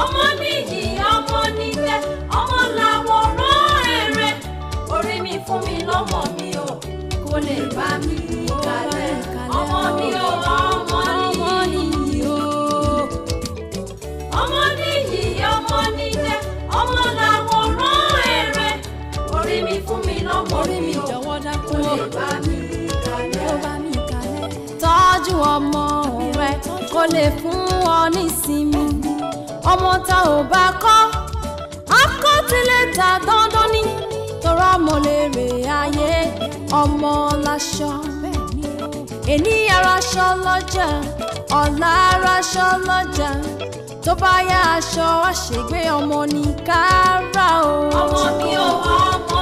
ọmọ nìyí ọmọ níjẹ́ ọmọ làwòrán èrè orí mi fún mi lọ́mọ mi o kò lè bá mi kalẹ̀ ọmọ mi o ọmọ nìyí o ọmọ nìyí ọmọ níjẹ́ ọmọ làwòrán èrè orí mi fún mi lọ́mọ mi o kò lè bá mi kalẹ̀ tọ́jú ọmọ rẹ kó lè fún ọ nísinmi ọmọ tá ò bá kọ́ akọ́tìlẹ́ta dandan ni tọrọ mọ lèrè ayé ọmọ láṣọ èní araṣọ lọ́jà ọ̀la araṣọ lọ́jà tó bá yá aṣọ àṣègbè ọmọ ní ká rà o. ọmọ mi ò wá ọmọ.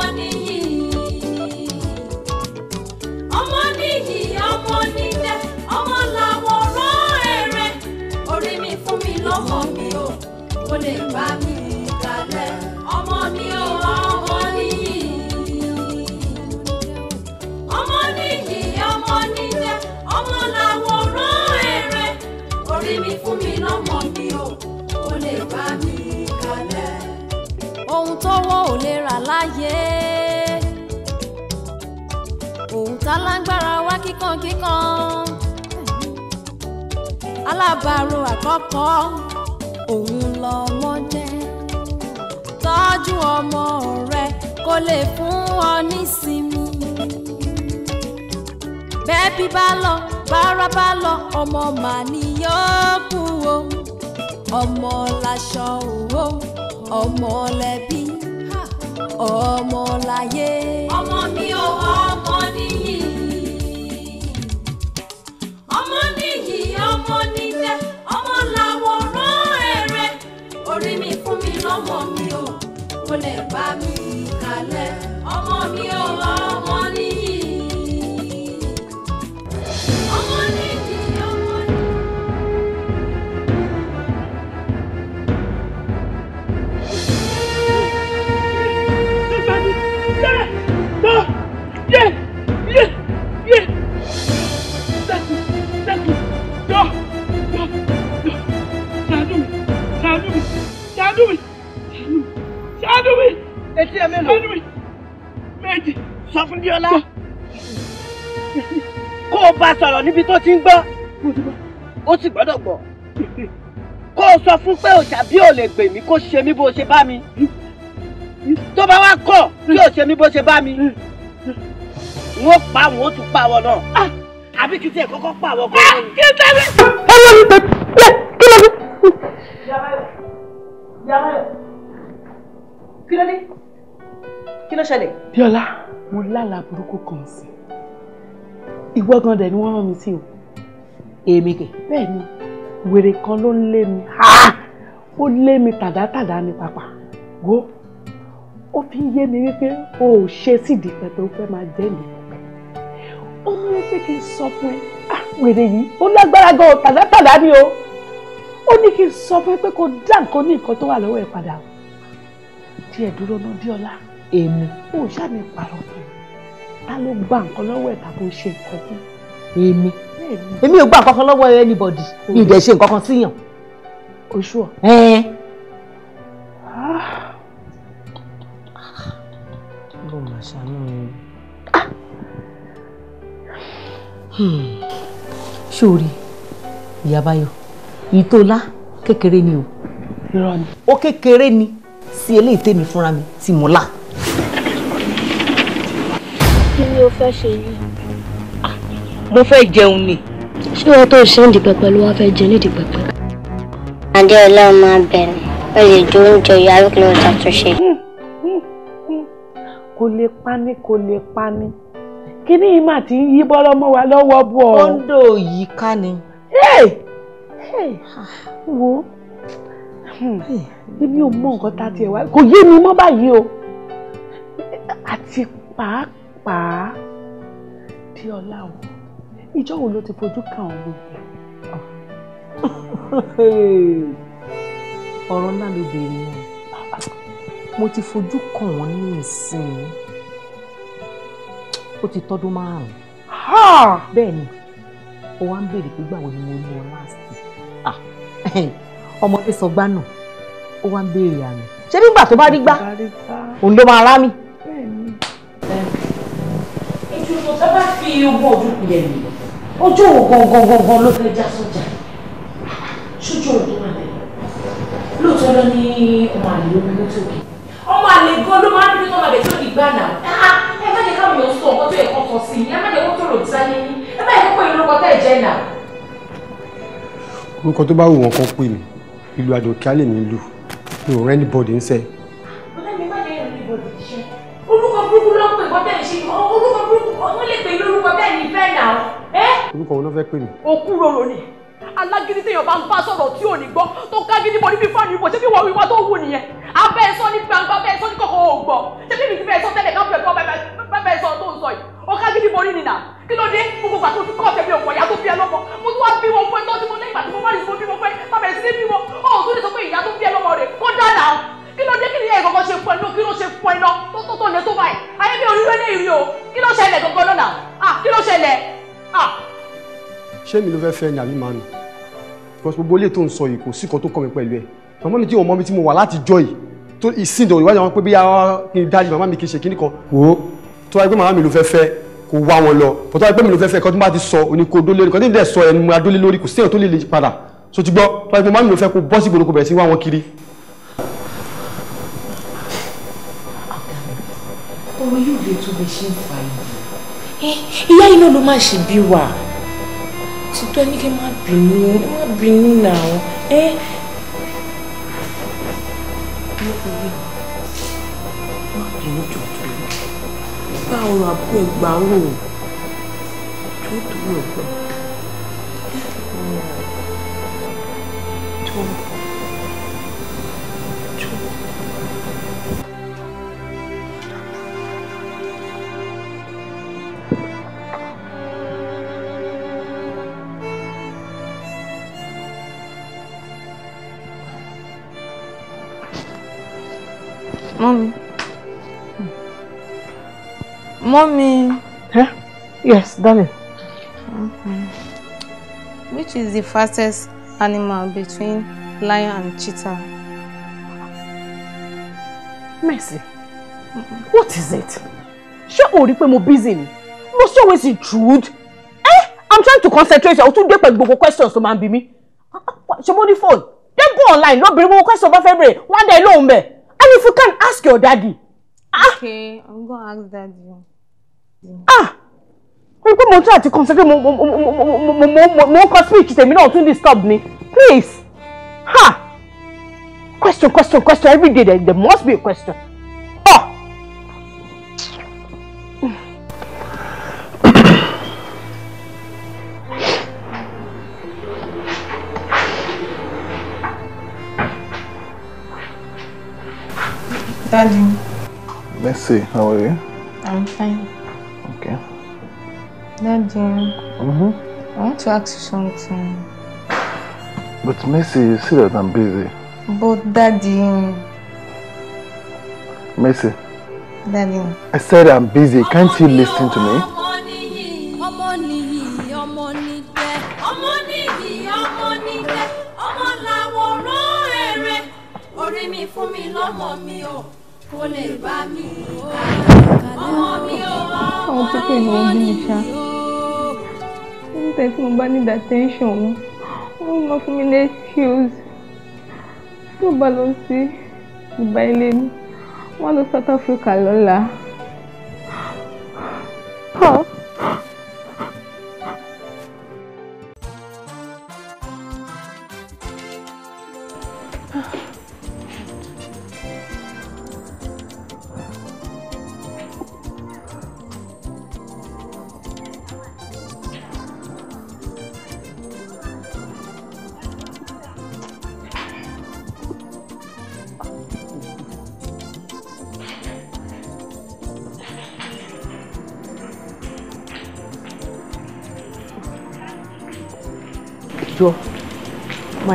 kò lè gbà mí kalẹ̀ ọmọ mi ò ọmọ nìyí. ọmọ nìyí ọmọ mi fún mi lọ́mọ mi ò kò lè gbà mí kalẹ̀. ohun tọ́wọ́ ò lè rà láyé ohun tálágbára wá kíkan kíkan alábàárò àkọ́kọ́ òun lọmọ jẹ́ tọ́jú ọmọ rẹ kó lè fún ọ nísinmi bẹ́ẹ̀bí bá lọ bára bá lọ ọmọ mà ní o ọmọ láṣọ òwò ọmọ lẹ́bí ọmọ láyé ọmọ mi ò. lọ́mọ mi o kò lè bá mi kalẹ̀ ọmọ mi o ọmọ nìyí ọmọ nìyí. etí ẹ mélòó. méjì. sọ fún diola kó o bá sọ̀rọ̀ níbi tó ti ń gbọ́ ó sì gbọ́dọ̀ gbọ́ kó o sọ fún pé òjà bí ò lè gbè mí kó ṣe mí bó ṣe bá mi tó bá wá kọ̀ tí ò ṣe mí bó ṣe bá mi n ó pa àwọn ó pa àwọn náà ah! àbí kìí tiẹ̀ kọ́kọ́ pa àwọn kan lórí. kí ló dé kí ló dé kí yàrá yàrá kí ló kí ló ṣẹlẹ̀. bíọ́lá mo lálàá burúkú kan sí ìwọ gan dẹ̀ ni wọ́n rán mi sí o èmi kẹ̀ bẹ́ẹ̀ ni wèrè kan ló ń lé mi ó lé mi tàdátàdá ni pàpà wo ó fi ń yé mi wípé o ò ṣe sídìí pẹ̀pẹ́ o fẹ́ máa jẹ́ mi ó mú wípé kí n sọ fún ẹ wèrè yìí ó lágbára gan o tàdátàdá ni o ó ní kí n sọ fún ẹ pé kó dá nǹkan ní nǹkan tó wà lọ́wọ́ ẹ padà díẹ̀ dúró ná Bíọ́lá èmi ò ṣàmì parọ́ fún ta ló gba nǹkan lọ́wọ́ ẹ̀ tàbí ó ṣe nǹkan fún èmi èmi ò gba nǹkan kan lọ́wọ́ anybody mi ì dẹ̀ ṣe nǹkan kan síyàn. oṣù ọ. bó ah. mà ṣàánú mi. sórí hmm. ìyá báyọ̀ ìtòlá kékeré ni o. irọ́ ni. ó kékeré ni sí eléyìí tèmi fúnra mi tí mo kí ni o fẹ́ ṣe yìí. mo fẹ́ jẹun ni. ṣé wàá tó ṣe ń di pẹpẹ ló wàá fẹ́ jẹ ní ìdí pẹpẹ. adé ọlọ́run máa bẹ̀rẹ̀ ó lè jó oúnjẹ ìyá ló ń ṣàtúnṣe. Hmm, hmm, hmm. kò lè pani kò lè pani kíní yìí mà ti ń yí bọ́lọ́ mọ́ wa lọ́wọ́ bọ̀. kóńdò yìí ká ni. wo èmi ò mọ nǹkan tá a tiẹ̀ wá kò yé mi mọ́ báyìí o àti pàápàá pàápàá bí ọlá o ìjọ wo ló ti fojú kan ọmọ yẹn. ọ̀rọ̀ náà ló béèrè yẹn mo ti fojú kan wọn ní ìsìn ó ti tọ́dún márùn-ún. bẹ́ẹ̀ ni ó wá ń béèrè pé gbàwo ni mo mú ọ láàsì ọmọdé sọ gbá náà ó wá ń béèrè àná ṣé nígbà tó bá rí gbá òun ló máa rá mi ṣùgbọ́n tá a bá fi ogún ọdún pilẹ̀ nì ọjọ́ ògangangangan ló fẹ́ já sọ́jà ṣojú ọdún wà lẹ́yìn lóòótọ́ lọ ní ọmọ àlè ló ní ọmọ àlè ló máa ń dúró tọ́mọ àlè tó gbà náà ah, ah, ẹ má jẹ́ káwọn èèyàn sọ ọkọ tó yẹ kọ́kọ́ sí i ẹ má jẹ́ kó tó rò tí sáyé ẹ má jẹ́ kó pè é lórúkọ jẹ́ náà. orúkọ tó bá wù wọn kan pè mí ìlú àjọkí á lè mí lù mi ò rẹ́ ní bọ́ọ̀dì ń sẹ́ òun lè pè lórúkọ bẹ́ẹ̀ ní bẹ́ẹ̀ náà ẹ́. orúkọ òun ló fẹ́ pè mí. òkú rorò ni alágídí téèyàn bá ń bá sọ̀rọ̀ tí ò ní gbọ́ tó ká gidi bọ̀ níbi fáànù ìbò ṣé bí wọ́n wíwá tó wù nìyẹn abẹ́ sọ ní gbangba abẹ́ sọ ní kọ̀kọ́ ò gbọ́ ṣé bí mi fẹ́ sọ tẹ́lẹ̀ ká bẹ̀rẹ̀ kọ́ bẹ́ẹ̀ sọ tó ń sọ yìí ó ká gidi bọ̀ ní nìyà kí ló dé gbogbo ìgbà tó ti kọ́ ọ̀tẹ̀ mi ìyá tó bí ẹ lọ́mọ mo tún wá bí wọn fún ẹ tó ti mo lẹ́yìn ìgbà tí mo wáyé mo mi ò rí wẹ́lẹ̀ ìrí o kí ló ṣẹlẹ̀ gangan lọ́nà ah kí ló ṣẹlẹ̀ ah. ṣé mi ló fẹ́ fẹ́ ni àbí màá nù because gbogbo ilé tó ń sọ yìí kò sí kan tó kọ́ mi pẹ̀lú ẹ̀ màmá mi tí ò mọ mi tí mo wà láti jọ yìí tó ìsìn ìdòwò ìwádìí àwọn pé bí ara kí n dájú màmá mi kì í ṣe kíní kan wò ó tó wáyé pé màmá mi ló fẹ́ fẹ́ kò wá wọn lọ kò tó wáyé pé mi ló fẹ́ fẹ́ kọ́ tó bá ti sọ òní kò dólé nìkan tí ń dẹ̀ sọ ẹnu adólé lórí kò sí èèyàn tó lè lè padà so ti gbọ́ tó wáyé pé màmá mi ló fẹ́ kó bọ́ sí ìgboro kò bẹ̀rẹ̀ sí wá wọn kiri ọ̀rọ̀ yóò lè tó bẹ ṣe ń fa ìlú ìyá iná ló má ṣe bí wà títọ́ ní kí má bínú má bínú náà ẹ́ má bínú jọjọ bá ọ̀rọ̀ àbúrò ẹgbàá rò tó tó rò gbọ́n. Mommy. Mommy. Huh? Yes, darling. Okay. Which is the fastest animal between lion and cheetah? Mercy. What is it? Ṣé o rí busy Must always intrude. Eh? I'm trying to concentrate. O tún dé pẹ̀lú gbogbo questions tó máa ń bi mí. Ṣé mo ní phone? Then go online bring gbogbo questions about February one day á me. And if you can, ask your daddy. Ah! Okay, ah. I'm gonna ask daddy. Ah! Mo pé mo tún àti concentrate mo mo mo mo mo kọ speech tèmi náà tún disturb me, Please! Ha! Question, question, question. Every day there, there must be a question. Daddy, Mercy, how are you? I'm fine. Okay. Daddy. Mm-hmm. I want to ask you something. But Mercy, you see that I'm busy. But Daddy. Mercy. Daddy. I said I'm busy. Can't you listen to me? fún kó lè bá mi o ọmọ mi ò ọmọ mi ò. nígbà tí mo bá ní attention wọn wọn máa fún mi ní excuse tó bá lọ sí ìgbà ilé mi wọn lọ South Africa lọ́la.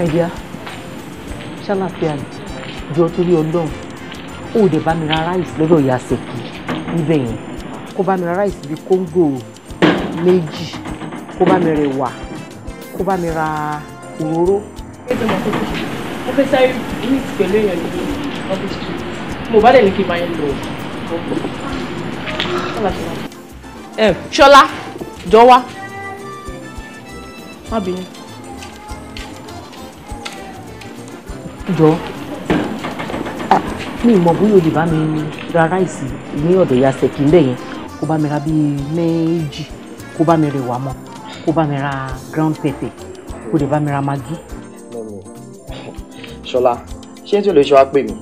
Màídíá ṣàlàfíà ni jọ torí ọlọ́run ó dẹ̀ bá mi ra ráìsì lọ́dọ̀ ìyá Ṣèkì níbẹ̀ yẹn kó bá mi ra ráìsì bíi kóńgò méjì kó bá mi rẹ̀ wà kó bá mi ra òróró. mo fẹ́ sáré ní pẹ̀lú èèyàn ní ọ́fíìsì mo bá dẹ̀ ní kí n máa ń lọ ṣọlá jọ wá má bínú. jọ ah, mi ì mọ bóyá o lè bá mi ra ráìsì ní ọ̀dọ̀ ìyá sẹ̀kì ńbẹ̀ yẹn kó bá mi ra bíi méjì kó bá mi rẹwà mọ́ kó bá mi ra ground pepper kó lè bá mi ra maggi. ṣọlá ṣé tí o lè ṣọ́ á pè mí.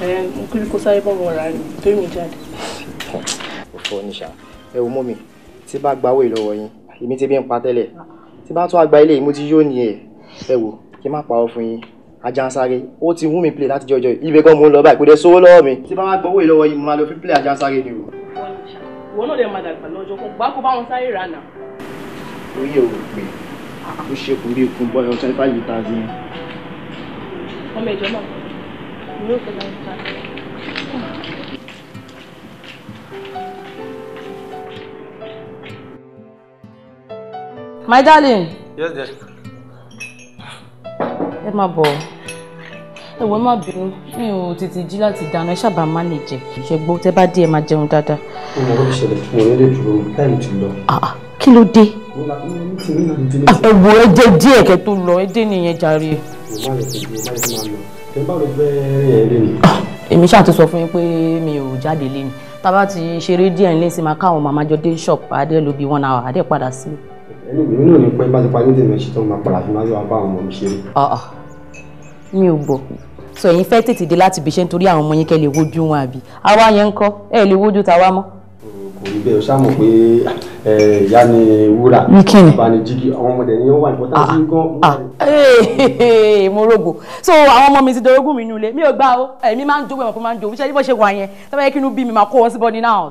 ẹ n kiri kó sáré bọ́ọ̀mù ra rẹ̀ torí mi jáde. kò fọ níṣà ẹ wo mú mi tí bá gba owó ìlọ́wọ́ yín èmi ti bí ń pa tẹ́lẹ̀ tí bá tún àgbá ilé yìí mo ti yóò ní ẹ ẹ wò kí n má pa ọ fún yín ajansare ó ti wú mi play láti jọjọ yìí ibẹ̀ gan mo ń lọ báyìí kò dé sówó lọ́wọ́ mi tí bá wá gbọ́wọ́ ìlọ́wọ́ yìí mo máa lọ fi play ajansare ni o. ìwọ náà lè máa dàgbà lọ́jọ́ kó gbá kó bá wọn sáré rà náà. orí ò pé ó ṣekùn bí ikùn bọ́ ẹ̀rọ twenty five litres yẹn. ọmọ ìjọ náà mo yóò fẹ́ láyé ká. My darling. Yes, dear. Ẹ máa bọ̀ ẹ wọ ẹ má bínú mi ò tètè jí láti dáná ẹ ṣáàbà má lè jẹ ìṣẹ́gbó tẹ bá dé ẹ máa jẹun dáadáa. mo mọ ló ṣẹlẹ̀ mo rẹ lè dúró táìmù ti lọ. Ah, ah, kí ló dé. ẹ wo ẹ jẹ díẹ̀ kẹ́ tó lọ ẹ dé nìyẹn jàre. Ah, èmi ṣáà ti sọ fún yín pé mi ò jáde lé ni tá a bá ti ṣeré díẹ̀ ńlẹ́ sí máa káwọn màmá jọ dé ṣọ́ọ̀pù adé ló bí one hour adé padà sí. ẹnu mi náà ni pé bá ti parí ní tèmi ẹ ṣe tán máa padà fi máa yọ abá àwọn ọmọ mi ṣeré mi ò gbọ́ sọ ẹ̀yin fẹ́ tètè dé láti bìṣẹ́ nítorí àwọn ọmọ yín kẹ́ lè wojú wọn àbí àwa yẹn ń kọ́ ẹ lè wojú tàwa mọ́. kò rí bẹ́ẹ̀ ṣáà mọ̀ pé ìyá ni wúrà bàbá ni jígí àwọn ọmọdé ni ó wà ní pọ́tà sí gan. mo rògbò so àwọn ọmọ mi ti dorogún mi nínú mi ò gbà ó èmi máa ń jó ẹ̀mọ̀ fún máa ń jó ṣé bó ṣe wà yẹn tọ́ba yẹ kí inú bí mi máa kó wọn síbọ̀ ní náà.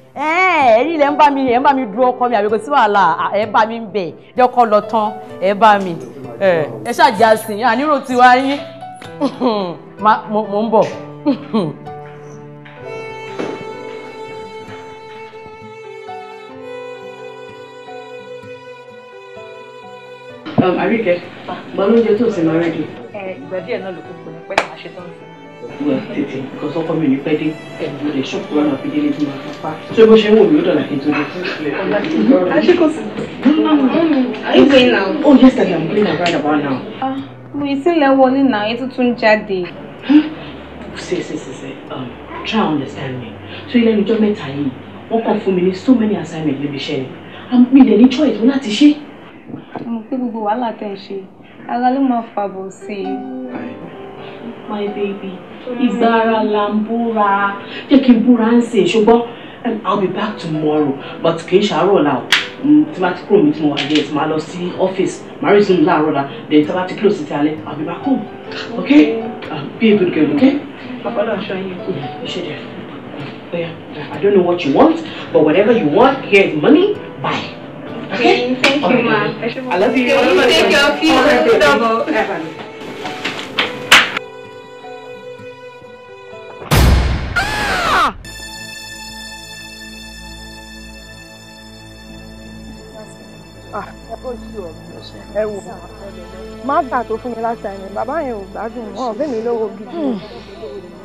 Eh, ẹ̀rí ilẹ̀ ń bá mi ẹ̀ ń bá mi du ọkọ mi àbí kò sí wàhálà ẹ̀ bá mi bẹ̀ jọ́kọ́ lọ tán ẹ̀ bá mi eh, ẹ̀ ṣàjà sìn àníró tiwa yín mo ń bọ̀. Um, àríkẹ́ gbọ́n lóúnjẹ tó sì lọ rẹ́dí. Eh, ìgbà díẹ̀ náà ló kún kò ní pẹ́ máa ṣe tán sí i ìwà tètè because ọkọ mi ò ní pẹ́ dé mo lè ṣọ́ọ̀kù lọ́nà fi délé bí màá pa so bó ṣe ń wò mí ó dọ̀nà kí n tó dé. are you going now. oh yes i am going right about now. Ah, we still have one now. It's ètò tún jáde. Say, say, say, say. Um, try understand me so ilé ẹnìjọ́ mẹ́ta yìí wọ́n kàn fún mi ní so many assignments níbi iṣẹ́ ni mi dẹ̀ ní choice wọn not ṣe. mo pe gbogbo wàhálà tẹ̀ ń ṣe ara ló máa fàbọ̀ sí i my baby ìgbà Lambura. la ń búra jẹ́ kí n búra ń sè ṣùgbọ́n um, I'll be back tomorrow but kì í ṣàárọ̀ la o mm, tí máa ti kúrò mi tí mo wà ní ẹ̀ tí máa lọ sí ọ́fíìsì máa rí sínú láàárọ̀ la then tí a bá ti close ti alẹ́ I'll be back home okay um, be a good girl okay. Papa, I'll show you. You should have. Yeah. I don't know what you want, but whatever you want, here's money. Bye. Okay? Thank you, ma. I love you. Take your care of you. Double. ẹ wò máfà tó fún mi láti ẹni bàbá yẹn ò gbádùn wọn ọ̀bẹ mi lówó gidi. Hmm.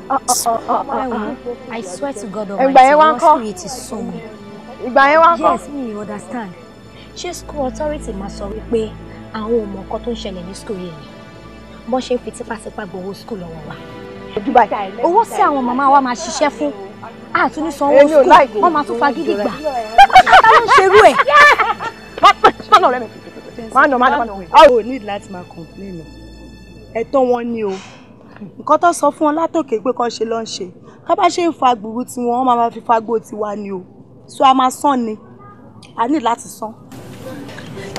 Ah, ah, ah, I swear to God Almighty, your spirit is so me. Yes, me understand. Ṣé school authority máa sọ wípé àwọn ò mọ nǹkan tó ń ṣẹlẹ̀ ní school yìí ni? Bọ́n ṣe ń fi tipátipá gbowó school lọ́wọ́ wa. Owó sí àwọn màmá wa máa ṣiṣẹ́ fún àtún ní sanwó school wọ́n máa tún fagídí gbà. Àtàlọ́ ń ṣerú ẹ̀. Má pè sọ́nà ọ̀rẹ́ mi má nà má nà má nà. a ò ní láti máa complain ẹ̀tọ́ wọn ni o nǹkan tó sọ fún wọn látòkè pé kán ṣe ló ń ṣe ká bá ṣe ń fa gbùrú tiwọn wọn máa fi fagbó tiwa ni o so a máa sàn ni a ní láti san.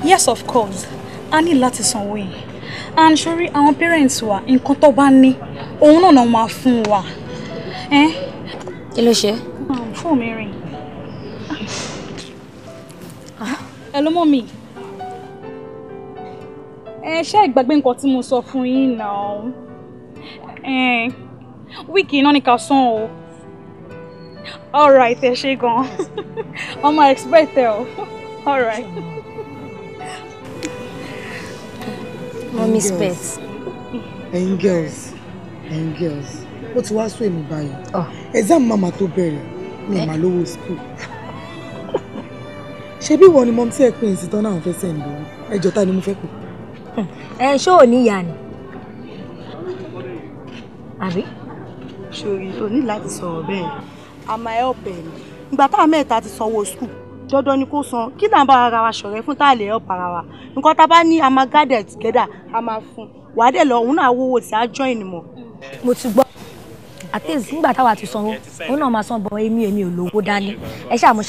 yes of course a ní láti sanwó yìí and sori àwọn parents wa nǹkan tó bá ní òun náà náà máa fún wa. kí ló ṣe. Hmm, fóònù mi rìn. Ah. hello mommy ẹ ṣe ìgbàgbé nǹkan tí mo sọ fún yín náà wíìkì iná ni ká san o all right ẹ ṣe gan ọmọ expect ẹ o all right. mommy spet. ẹ̀yin girls ẹ̀yin girls ó ti wá sún èmi báyìí oh. exam mama tó bẹ̀rẹ̀ mi ò eh? máa lówó school ṣebí ìwọ ni mọ́mí tí ẹ pè é sí tán náà fẹ́ sẹ́ńdọ̀ ẹjọ́ ta ni mo fẹ́ pè é ẹ ṣó ò ní ìyá ni àbí. sori o ní láti sọ̀rọ̀ bẹ́ẹ̀ a máa help ẹ̀ ní ìgbà táwa mẹ́ta ti sanwó school dandan ni kó san kí là ń bá ara wa ṣọ̀rẹ́ fún tá a lè help ara wa nǹkan tá a bá ní a máa gather together a máa fún wàá dẹ̀ lọ òun náà wọ́wọ́ tí a join mọ̀. mo ti gbọ́ àtẹ́sí nígbà táwa ti sanwó òun náà máa san bọ̀ èmi èmi ò lówó dání ẹ ṣáà mo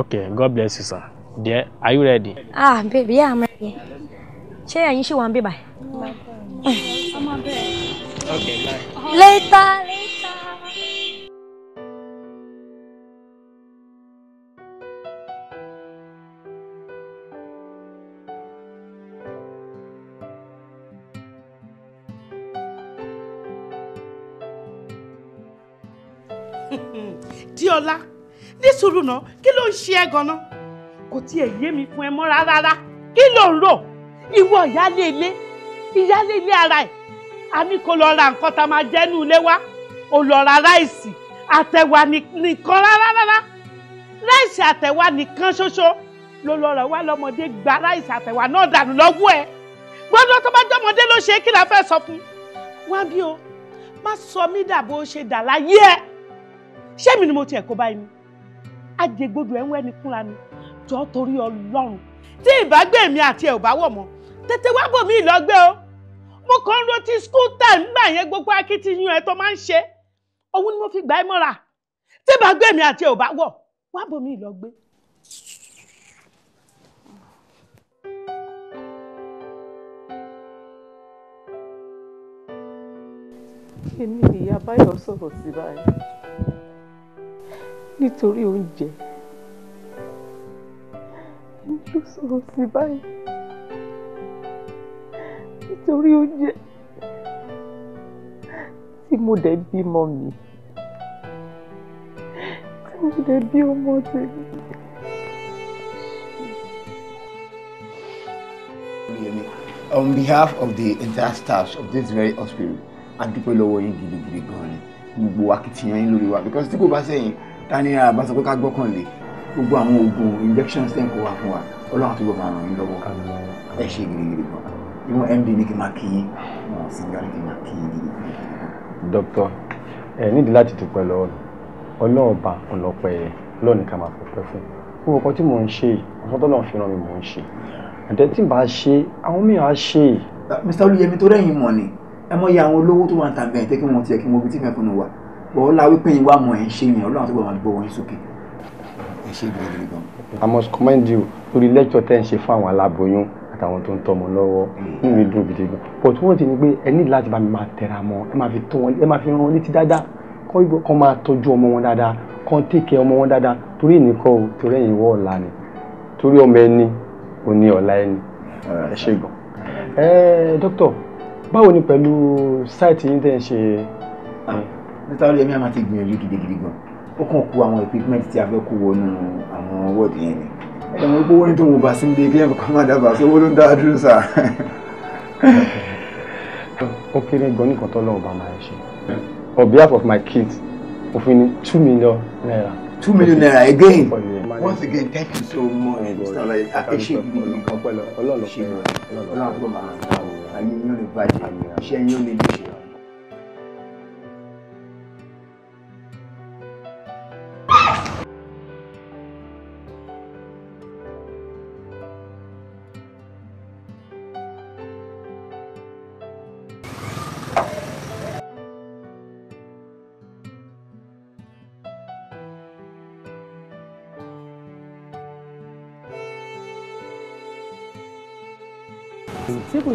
okay god bless you sir There, are you ready. ah baby yeah am ready ṣé ẹ̀yin ṣì wà ń bíbà ẹ̀. later later. Díọ́lá ní sùúrù náà kí ló ń ṣe ẹ́ ganan kò tiẹ̀ yé mi fún ẹ mọ́ rárá kí ló ń rò ìwọ ìyáálé ilé ìyáálé ilé ara ẹ̀ a ní kó lọ ra nǹkan tá a máa jẹ́ ní ilé wa ó lọ ra ráìsì àtẹ̀wà nìkan rárá rárá ráìsì àtẹ̀wà nìkan ṣoṣo ló lọ rà wá lọ́mọdé gba ráìsì àtẹ̀wà náà dànù lọ́wọ́ ẹ̀ gbọ́dọ̀ tó bá jọmọdé ló ṣe kí la fẹ́ sọ fún wá bí o má sọ mí dà bó ṣe dà láyé ẹ ṣé mi ni mo tiẹ̀ kó báyìí ni àjẹgbodò ẹ̀ ń wẹ́ni kúnra ni jọ́ torí Ọlọ́run tí ìbágbé mi àti ẹ̀ ò bá wọ̀ mọ́ tètè wá bò mí ìlọgbẹ́ o mo kàn ń ro school time nígbà yẹn gbogbo akitiyan ẹ̀ tó máa ń ṣe òun ni mo fi gbà ẹ́ mọ́ra tí bá gbé mi àti ò bá wọ̀ wá bò mí ìlọgbẹ́. èmi ìyá báyọ̀ sọ̀rọ̀ sí báyìí nítorí oúnjẹ èmi ló sọ̀rọ̀ sí báyìí torí oúnjẹ tí mo dẹ̀ bímọ mi tí mo dẹ̀ bí ọmọ tèmi. On behalf of the entire staff of this very hospital, a dúpẹ́ lọ́wọ́ yín gidigidi gan ni gbogbo akitiyan yín lórí wa because tí kò bá sẹ́yìn ta ni a bá sọ pé ká gbọ́kànlé gbogbo àwọn oògùn injections tẹ̀ ń kó wa fún wa ọlọ́run àti gbogbo àwọn yín lọ́wọ́ ẹ ṣe gidigidi gan inú md ní kí n máa kí yín wọn seniority máa kí yín gidi gidi. dókítà ẹ nídìí láti dúpẹ́ lọ́wọ́ mi ọlọ́run ọba ọlọ́pẹ́ ẹ lọ́ọ̀ ní ká máa fọpẹ́ fún un gbogbo ọkọ tí mò ń ṣe ọ̀sán tó lọ́n fi ràn mí mò ń ṣe àtẹ tí bá ṣe àwọn mìíràn á ṣe. mr olùyẹmí tó rẹ́yìn mọ̀ ni ẹ mọ̀ iye àwọn olówó tó wà ń ta bẹ́ẹ̀ tẹ́ kí wọ́n tiẹ̀ kí wọ́n bí tí fẹ́ fún un wà bọ́ọ̀ la wípé ìwà mọ̀ ẹ̀ ń ṣe yẹn ọlọ́run tó gbọ́dọ̀ máa gbọ́ wọn sókè. ẹ ṣe ìgbìyànjú gan. I must commend you lórí lecture tẹ́ ń ṣe fún àwọn aláboyún àtàwọn tó ń tọmọ lọ́wọ́ inú mi dùn gidi gan but wọ́n ti ní pé ẹ ní láti bá mi máa tẹra mọ́ ẹ máa fi tó wọn ẹ máa fi ràn wọn létí dáadáa kọ́ ibo kan máa tọ́jú ọmọ wọn dáadáa kan tèkẹ́ ọmọ wọn dáadáa torí ìníkọ́ o torí ẹ̀yìn wọ́ ọ̀la ni torí ọmọ ẹni ò ní ọ̀la ẹni ẹ ṣe gan. ẹ dókítà báwo ni pẹ̀lú sáìtì yín tẹ̀ ń ṣe. nítorí ah, ẹ̀mí a máa ti gbìyànjú gidigidi gan ó kàn kú àwọn equipment a fẹ́ kó wọnú ẹ̀wọ̀n ipò wọ́n ní tó wò bá sí ń de kílẹ̀ kọ́kọ́ máa dábàá sówó ló ń dá dúró sà. ó kéré ṣe on behalf of my kids mo fi ní two million naira. two million naira again once again thank you so much mr olayi appreciate you ní ọpọlọ ọlọ́ọ̀lọ́pọ̀ ọlọ́ọ̀lọ́pọ̀ ọlọ́ọ̀lọ́pọ̀ máa ń ta o àyè yín ò lè bàjẹ́ iṣẹ́ yín ò lè dìṣẹ́.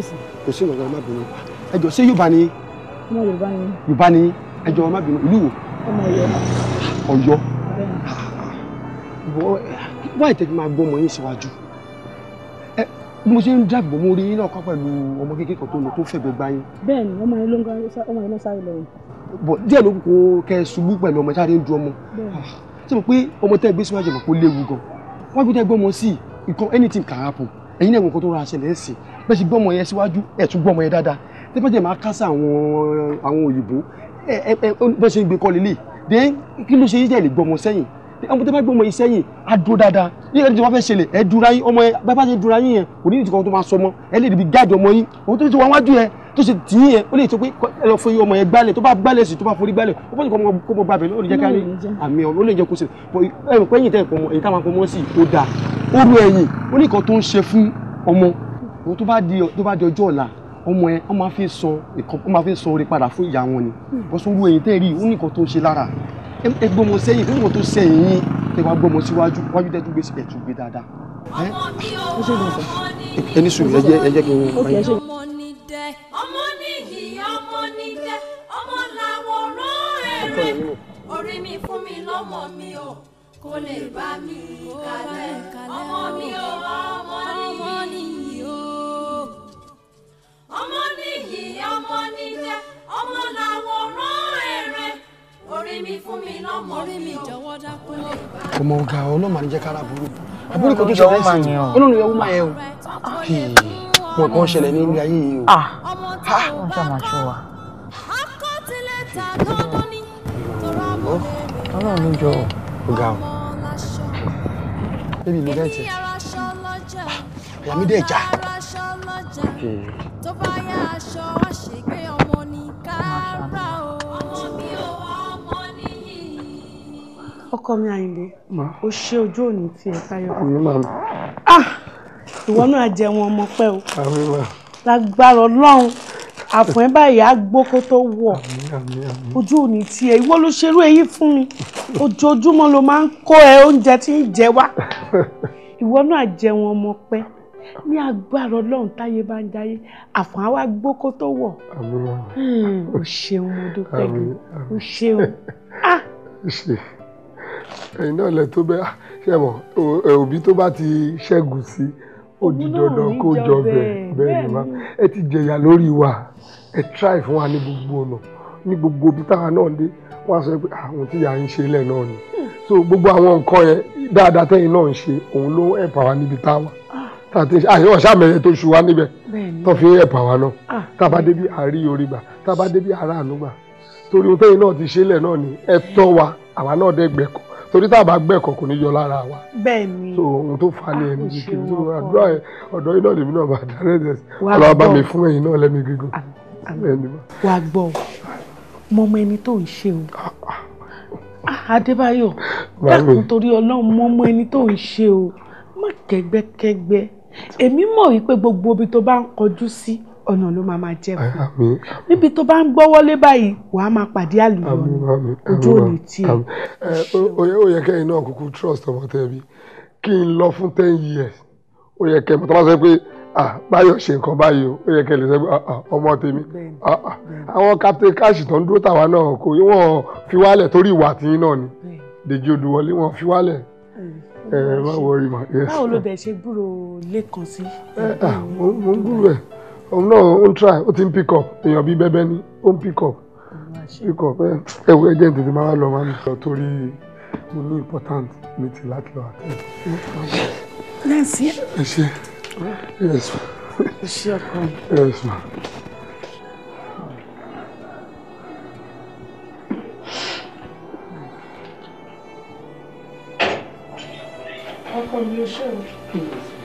kò sí. kò sí nǹkan ẹ má bínú ẹjọ ṣé Yorùbá ni. ọmọ Yorùbá ni. Yorùbá ni ẹjọ ẹ má bínú ìlú wo. ọmọ Ọ̀yọ́. Ọ̀yọ́. bọ wáyé tẹ́tí máa gbọ́ ọmọ yín síwájú ẹ bí mo ṣe ń dàgbò mo rí iná ọkọ pẹ̀lú ọmọ kékeré kan tó lọ tó fẹ̀gbẹ́ gbá yín. bẹ́ẹ̀ni ọmọ yẹn ló ń gbá ọmọ yẹn ló sáré lọ. bọ díẹ̀ ló kó kẹ ṣubú pẹ̀lú ọmọ sáré ń du ọmọ. ṣé mo pé ọmọ tẹ́ gbé síwájú ọmọ kó léwu gan wájú tẹ́ gbọ́ ọmọ sí nǹkan anything can happen ẹ̀yin náà wọn kò tó ra ṣẹlẹ̀ ẹ̀sìn bẹ́ẹ̀ ṣe gbọ́mọ yẹn síwájú ẹ̀ tún gbọ́mọ yẹn dáadáa tí bẹ́ẹ̀ máa kásá àwọn òyìnbó bẹ́ẹ̀ ṣe gbé kọ́ lélẹ̀ then kí ló ṣe yíjà lè gbọ́mọ sẹ́yìn ọmọ tẹ́ bá gbé ọmọ yìí sẹ́yìn á dúró dáadáa yíyá ẹni tí wọ́n fẹ́ ṣẹlẹ̀ ẹ dúra yín ọmọ yẹn bá bá ṣe dúra yín yẹn kò ní ìdíkọ̀ tó máa sọ mọ́ ẹ lè dìbí gáàdì ọmọ yín òun tó ti wá wájú yẹn tó ṣe tì í yẹn ó lè sọ pé ẹ lọ fún ọmọ yẹn gbálẹ̀ tó bá gbálẹ̀ sí tó bá forí gbálẹ̀ ó fọ́nìkan kó mọ bàbẹ̀ ó lè jẹ́ ká rí àmì ọ̀run ó lè jẹ́ kó ṣẹlẹ̀ ẹ mọ̀ pé ẹ̀yìn tẹ̀ pọ̀ èyí táwọn pọmọ sí ó dáa ó lu ẹ̀yìn ó ní nǹkan tó ń ṣe fún ọmọ òun tó bá di ọjọ́ ọ̀la ọmọ ẹ ọ máa fi sọ orí padà fún ìyá wọn ni wọ́n hmm. ẹ̀yìn tẹ́ ó ní nǹkan tó ń ṣe lára ẹ gbọmọ sẹ́yìn fún mọ́tò sẹ́yìn tẹ wá gbọmọ síwájú wájú tẹ tún gbé ẹ tún gbé dáadáa. ẹni sùn ẹ jẹ kí n ọmọ ni dẹ ọmọ ni yìí ọmọ ni dẹ ọmọ làwòrán èrè orí mi fún mi lọ́mọ mi o kò lè bá mi kalẹ̀ ọmọ mi o ọmọ ni yìí ọmọ ni yìí ọmọ ni dẹ ọmọ làwòrán èrè orí mi fún mi lọ́mọ orí mi jọ̀wọ́ dákun. ọmọ ọgá ọlọ́mọ àníjẹ́ kára burú àbúrò tó ṣẹlẹ̀ sí i olóòrùn yẹn wúmọ̀ yẹn o wọn kàn ṣẹlẹ̀ ní ilé ayé yìí o. wọ́n ṣàmà ṣọ wa. ọlọ́run ló jọ ọgá o. bébí mi gẹ́tì àyà mi dẹ̀ já. tó bá yá aṣọ àṣègbè ọmọ ní ká rà o. ọkọ mi àyìnbí o ṣe ojú òní tí ẹ táyọ. ìwọ náà jẹun ọmọ pẹ o lágbára Ọlọ́run àfọ̀n ẹ̀ báyìí á gbó kó tó wọ̀ ojú òní tí ẹ ìwọ ló ṣerú èyí fún mi ojoojúmọ́ ló máa ń kó ẹ oúnjẹ tí ń jẹ wá ìwọ náà jẹun ọmọ pẹ ní agbára Ọlọ́run táyé bá ń jayé àfọ̀n àwa gbó kó tó wọ̀ hmm, o ṣeun mo dúpẹ́ o ṣeun ah. ẹ̀yin náà lẹ tó bẹ́ẹ̀ ah, ṣe mọ̀ òbí tó bá ti ṣẹ́gun sí ó di dandan kó jọ bẹ́ẹ̀ bẹ́ẹ̀ ni ma ẹ ti jẹ̀yà lórí wa ẹ try fún wa ní gbogbo ọ̀nà ní gbogbo ibi táwa náà dé wọ́n á sọ pé àwọn ah, tí yà ń ṣe lẹ̀ náà ni so gbogbo àwọn nǹkan yẹn dáadáa tẹ́yìn náà ń ṣe òun ló ẹ̀pà wa níbi táwa tàti àyẹ̀wò sàmẹ̀yẹ tó ṣù wá níbẹ̀ tó fi ẹ̀pà wa náà ah. tábà débi àrí orí gbà tábà débi àrà àánú gbà torí ohun tẹ́yìn náà ti ṣe lẹ̀ náà ni ẹ tọ́ wa àwa náà dẹ̀ gbẹ̀kọ́ torí tá a bá gbẹ̀kọ́ kò ní yọ lára wa. bẹ́ẹ̀ni so ohun tó fa ni ẹni yìí kì í so àdúrà ẹ ọ̀dọ̀ iná lèmi náà bá darí ẹ̀jẹ̀ sí ọlọ́wọ́ bá mi fún ẹ̀yin náà lẹ́mí gígùn. wàá gbọ́ mọ ọmọ ẹni tó ń ṣe o ah, ah, ah. Adébáyọ̀ dákun torí Ọlọ́run mọ ọmọ ẹni tó ń ṣe o má kẹ́gbẹ́kẹ́gbẹ́ èmi mọ̀ wípé gbogbo ibi tó bá ń kọjú sí ọ̀nà ló máa máa jẹ́ fún un níbi tó bá ń gbọ́wọ́lé báyìí wàá máa pàdé àlùyọ̀nù ojú òní tiẹ̀. ó yẹ kẹ́yìn náà kúkú trust ọmọ tẹ̀bí kí n lọ fún ten years ó yẹ kẹ́yìn tó bá sọ pé báyọ̀ ṣe nǹkan báyìí ó yẹ kẹ́yìn lè sọ pé ọmọ tèmi àwọn captain cash tó ń dúró tàwa náà kò wọ́n fi wálẹ̀ torí ìwà tí náà ni dèjì odùwọlé wọn fi wálẹ̀ ẹ má wọrí ma. báwo ló bẹ̀ ṣe gbúròó lẹ́kan sí. mo ń gbúròó ẹ̀ òun náà ó ń try ó ti ń pick up èèyàn bíi bẹ́bẹ́ ni ó ń pick up pick up eh. ẹ wo ẹjẹ tètè máa wá lọ wá nílò torí mo ní important meeting láti lọ àtẹ. Nancy. ẹ ṣe yes ma. ẹ ṣe ọkọ mi. yes ma. ọkọ mi ò ṣe o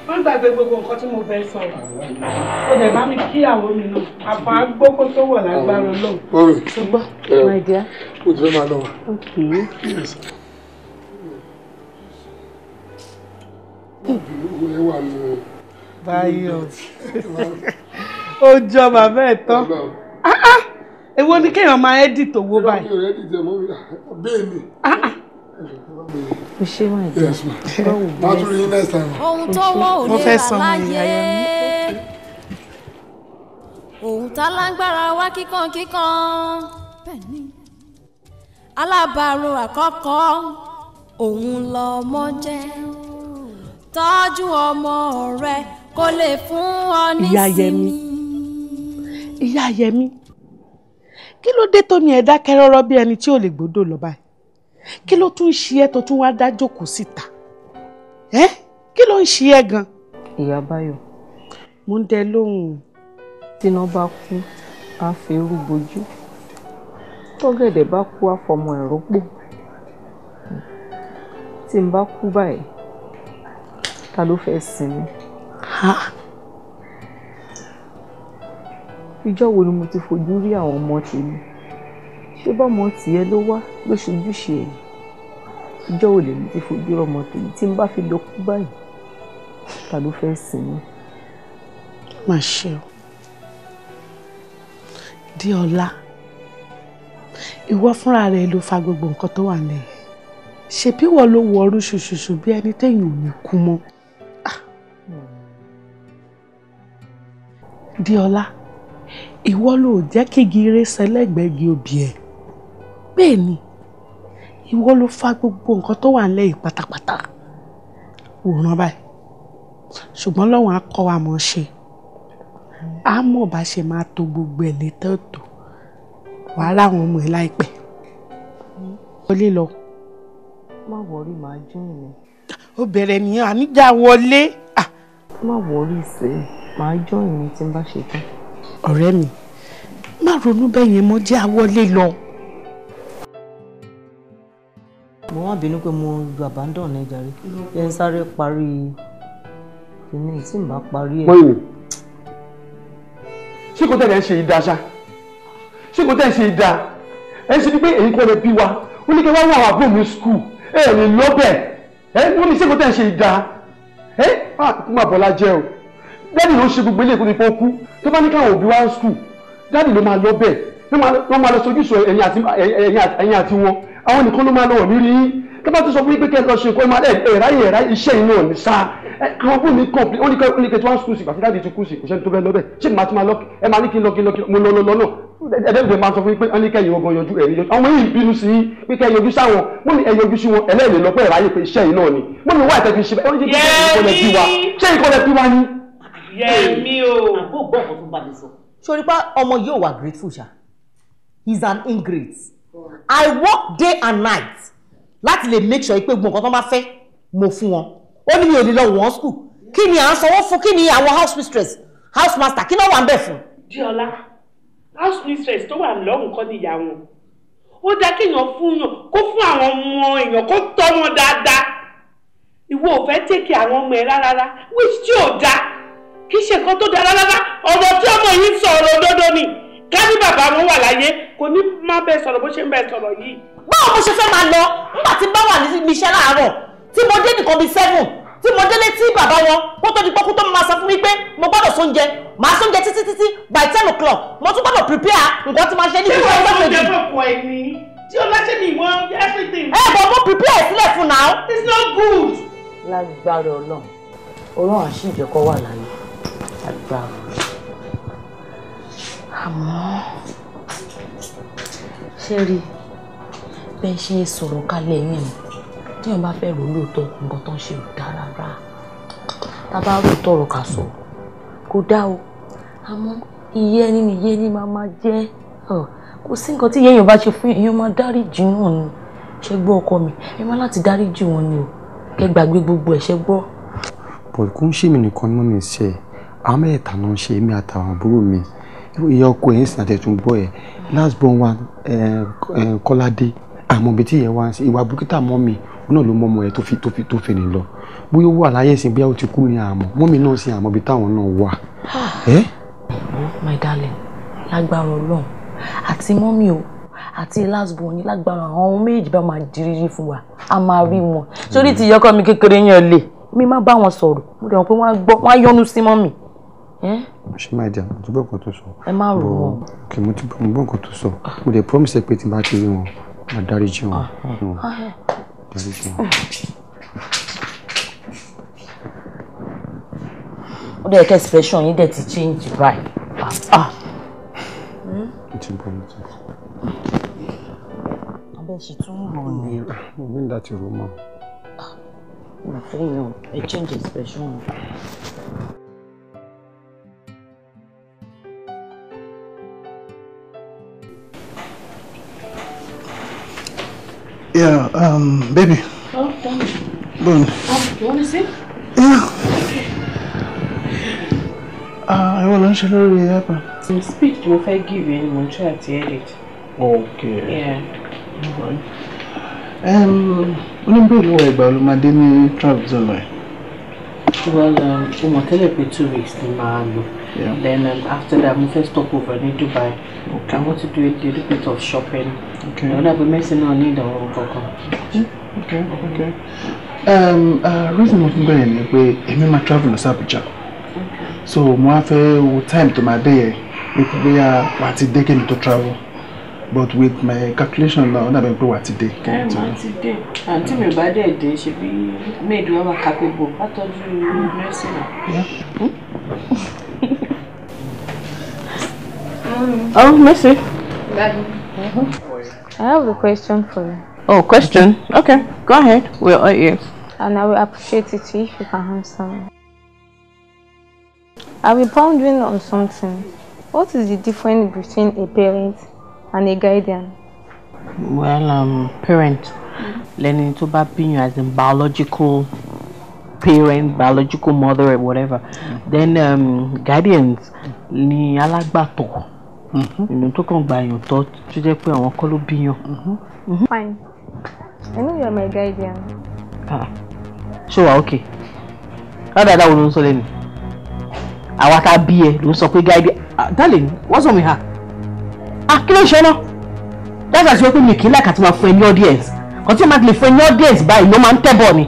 wọ́n gbàgbé gbogbo nǹkan tí mo fẹ́ sọ ó dẹ̀ bá mi kí àwọn mi náà àpò agbókó tó wọ̀ lágbára lọ́wọ́. orin ṣùgbọ́n my dear. o ti fẹ́ máa lọ wa. báyọ̀ ó jọ bàbá ẹ̀ tán èwo ni kéèyàn máa ẹ́dìtì owó báyìí. bẹ́ẹ̀ ni o ṣe máa jẹ báwo bá tún rí next time. ohun tọ́wọ́ ò lè rà láyé ohun tá lágbára wá kíkan kíkan alábàárò àkọ́kọ́ òun lọmọ jẹ́ tọ́jú ọmọ rẹ kó lè fún ọ nísìnyí. ìyá yẹmi ìyá yẹmi kí ló dé tó ní ẹ̀dá kẹrọrọ bí ẹni tí ò lè gbọ́dọ̀ lọ báyìí kí ló tún ń ṣe ẹ́ tó tún wá dá jókòó síta ẹ́ kí ló ń ṣe ẹ́ gan. ìyá báyọ̀. mo ń dẹ lóhùn. tíná bá kú á fi irú bojú tọ́gẹ̀dẹ̀ bá kú á fọmọ ẹ̀ rọ́pò tí n bá kú báyìí ta ló fẹ́ sinmi. ìjọ́ wo ni mo ti fojú rí àwọn ọmọ tèmi ṣé bọ́mọ tiẹ̀ ló wá ló ṣojúṣe ẹ̀ ìjọ wo lèmi ti fojú ọmọ tèmi tí n bá fi lọ kú báyìí ta ló fẹ́ sìn mí. má ṣe o di ọlá ìwọ fúnra rẹ ló fa gbogbo nǹkan tó wà nílẹ̀ ṣebí wọ́n ló wọ ọrú ṣùṣùṣù bí ẹni téèyàn ò ní kú mọ́. Ah! di ọlá ìwọ ló jẹ́ kí igi eré sẹlẹ̀gbẹ́gi obì ẹ̀ bẹ́ẹ̀ ni ìwọ ló fa gbogbo nǹkan tó wà nílẹ̀ yìí pátápátá wòran báyìí ṣùgbọ́n lọ́wọ́n á kọ́ wa mọ̀ ṣe á mọ̀ bá ṣe máa to gbogbo ẹ̀ létòótò wàá láwọn ọmọ ẹ̀ láìpẹ́ wọlé lọ. má wọrí màá jíìn mi. ó bẹ̀rẹ̀ nìyẹn àníjà wọlé. má wọrí sí i màá jọ́ ìmí tí n bá ṣe tán. ọ̀rẹ́ mi má ronú bẹ́ẹ̀ yẹn mo jẹ́ àwọlé lọ mo wá bínú pé mo lu àbádàn ní ìjàre ẹ ń sáré parí kíní tí màá parí ẹ. mọ́yìn ṣé kò tẹ̀lé ẹ ṣe ìdá ṣá ṣé kò tẹ̀lé ẹ ṣe ìdá ẹ ṣe ni pé èyí kọ́ lẹ bí wa ó ní kí wọ́n wà wà fún mi skul ẹ ẹ lè lọ́bẹ̀ ẹ wọ́n ní ṣé kò tẹ̀lé ẹ ṣe ìdá ah, ẹ á kó má bọ́lá jẹ́ o dáàdì ló ń ṣe gbogbo ilé ìkó ní fọ́ọ́kú tó bá ní káwọn òbí wa skul dáàdì ló máa lọ́bẹ̀ wọ́n máa lọ sojúṣọ ẹ̀yìn àti wọn àwọn nìkan ló máa lọ wọ̀ mí rí yín tó bá tún sọ fún yín ẹ lọ ṣe nǹkan máa ẹ̀rá ẹ̀rá iṣẹ́ inú ọ̀ ní sáà àwọn fún mi kàn ó ní kí ẹ tí wọ́n kùsì àti dáàdi ti kùsì kò sẹ́ni tó bẹ́ẹ̀ lọ́bẹ̀ ṣé màá tún máa lọ́kì ẹ máa ní kí n lọ́kì lọ́kì mo lọ lọ lọ́nà ẹ̀dẹ́gbẹ̀rẹ̀ máa sọ fún yín pé ẹni kẹ́yìn ọgbọ̀n yọjú ẹ̀rí yọjú àwọn yìí bínú sí pé kẹ́ yọjú sáwọn mú mi ẹ yọjú sí wọn ẹlẹ́ẹ̀lẹ́ lọ́pọ̀ grateful ṣá he is an ingrate I work day and night láti lè make sure pé gbogbo nǹkan tó bá fẹ́ mo fún wọn ó ní mi ò lè lọ wọ́n school kí ni à ń sanwó fún kí ni àwọn house mistress house master kí náà wà ń bẹ̀ fún. Diola house mistress tó wà lọ́hùn kọ́ ni ìyá wọn ó dá kéèyàn fún yàn kó fún àwọn ọmọ èèyàn kó tọ́ wọn dáadáa ìwọ ò fẹ́ tèkì àwọn ọmọ ẹ rárá which tí ò dáa kì í ṣe nǹkan tó dáa rárá ọ̀rọ̀ tí ọmọ yìí sọ ọ̀rọ̀ òdodo ni ká ní bàbá wọn wà láyé kò ní má bẹ́ẹ̀ sọ̀rọ̀ bó ṣe ń bẹ́ẹ̀ sọ̀rọ̀ yìí. báwo mo ṣe fẹ́ máa lọ nígbà tí bá wà níbi iṣẹ́ láàárọ̀ tí mo dé nìkan bíi seven tí mo délé tí bàbá wọn kó tó di pọ́kú tó máa sọ fún mi pé mo gbọ́dọ̀ sóúnjẹ màá sóúnjẹ títí títí by ten o'clock mo tún gbọ́dọ̀ prepare nǹkan tí máa ṣe ní ìgbà ìgbà kejì. ṣé wọ́n ń jẹ́ tí o láṣẹ mi ìwọ everything. ẹ bọ̀ mo prepare sílẹ̀ fún now. it's not good. lágbára ọlọ́run ọlọ́run àṣìjẹ́kọ́ wà láyé agbára àmọ́ ṣé rí bẹ́ẹ̀ ṣe sọ̀rọ̀ kalẹ̀ yẹn ni téèyàn bá fẹ́ rò lóòótọ́ nǹkan tó ń ṣe ò dáa rárá tá a bá rò tọ̀rọ̀ kà sọ kò dáa o àmọ́ iye ẹni ni iye ẹni máa máa jẹ́ kò sí nǹkan tí yẹ́yìn bá ṣe fún èèyàn máa dáríjì náà ni ṣe gbọ́ ọkọ mi ẹ má láti dáríjì wọn ni o kẹ gbàgbé gbogbo ẹ̀ ṣe gbọ́. bọ̀dù kò ń ṣe mí nìkan náà mi ṣe àwọn mẹ́ta náà ń ṣe èmi àtàwọn àbúrò mi ìyá ọkọ ẹ̀ ń sìn àtẹ̀tún gbọ́ ẹ̀ last born wa eh, eh, kọ́ládé àmọ́ ibi tí ìyẹn wá ń ṣe ìwà bùkítà mọ́ mi náà ló mọ́ ọmọ ẹ̀ tó fi tó fi tó fi nìlọ bóyá ó wà láyé ìsìn bóyá ó ti kú ní àmọ́ mọ́ mi náà sí àmọ́ ibi táwọn náà wà. Ah! Eh? my darling lágbára ọlọ́run àti mọ́mí o àti lásìbò yín lágbára àwọn ọmọ méjì bá máa dirírí fún wa a máa rí wọn sórí ti yọkọ mi kékeré yẹn lè mi má bá wọn sọ̀rọ̀ mo dẹ̀ wọ́n pé wọ́n á gbọ́ wọ́n á yọnu sí mọ́mí ṣe máa jà mo ti gbọ́ nǹkan tó sọ. ẹ má rò ó. kì mo ti nǹkan tó sọ mo dẹ̀ promise pé tí n bá ti rí wọn máa dáríjì wọn. Ah, ah. Ah, eh. wọn. ó dẹ̀ kẹ́ expression yín dẹ̀ ti change báyìí. mo ṣe tún rò ní. mo ní láti rò mọ́. ẹ change expression. Yeah, um, baby. Oh, damn. Bon. Oh, you want to see? Yeah. Ah, I want to show you apa. Some speech mo fẹ́ give you mo try to edit. Okay. Yeah. All Um, oníbèrè wọ ìgbà ló máa dé ní travel zone Well, um, o mọ̀ tẹ́lẹ̀ pé two weeks ni màá lò. Then um, after that, mo fẹ́ stop over in Dubai. Okay. I want to do a little bit of shopping okay. ọ̀dà pé mẹ́sìn náà ní ìdánwò kankan. okay okay um, uh, reason mo fi bẹ̀rẹ̀ ni pé èmi máa travel lọ sí Abuja so mo á fẹ́ wo time tó máa dé yẹ wípé bóyá wà á ti dé kémi tó travel but with my calculation now ọ̀dà bẹ́ẹ̀ pé wà á ti dé. ẹ máa ti dé àǹtí mi ò bá dẹ̀ dé ṣe bí maid wa wà capable bá tọ́jú mẹ́sìn náà. Oh, merci. Daddy. Uh huh. I have a question for you. Oh, question? Okay, go ahead. we are let you. And I will appreciate it if you can answer me. I'll be pondering on something. What is the difference between a parent and a guardian? Well, um, parent, learning to being as a biological parent, biological mother, or whatever. Mm -hmm. Then um, guardians, ni alagbato. ìnú mm-hmm. tó kàn gba èèyàn tọ́ tó jẹ́ pé àwọn kọ́ ló bíyàn. Mm-hmm. Mm-hmm. fine i know you are my guardian. Ah. ṣé wàá ok ládàáda wo ló ń sọ lẹ́nu àwa tá a bí ẹ ló ń sọ pé guardian ah, darling what's wrong with her ah kí ló ń ṣe náà that's as well pé mi kì í láìka tí máa fún ẹ ní audience kan tí o máa lè fún ẹ ní audience báyìí ló máa ń tẹ̀bọ̀ ni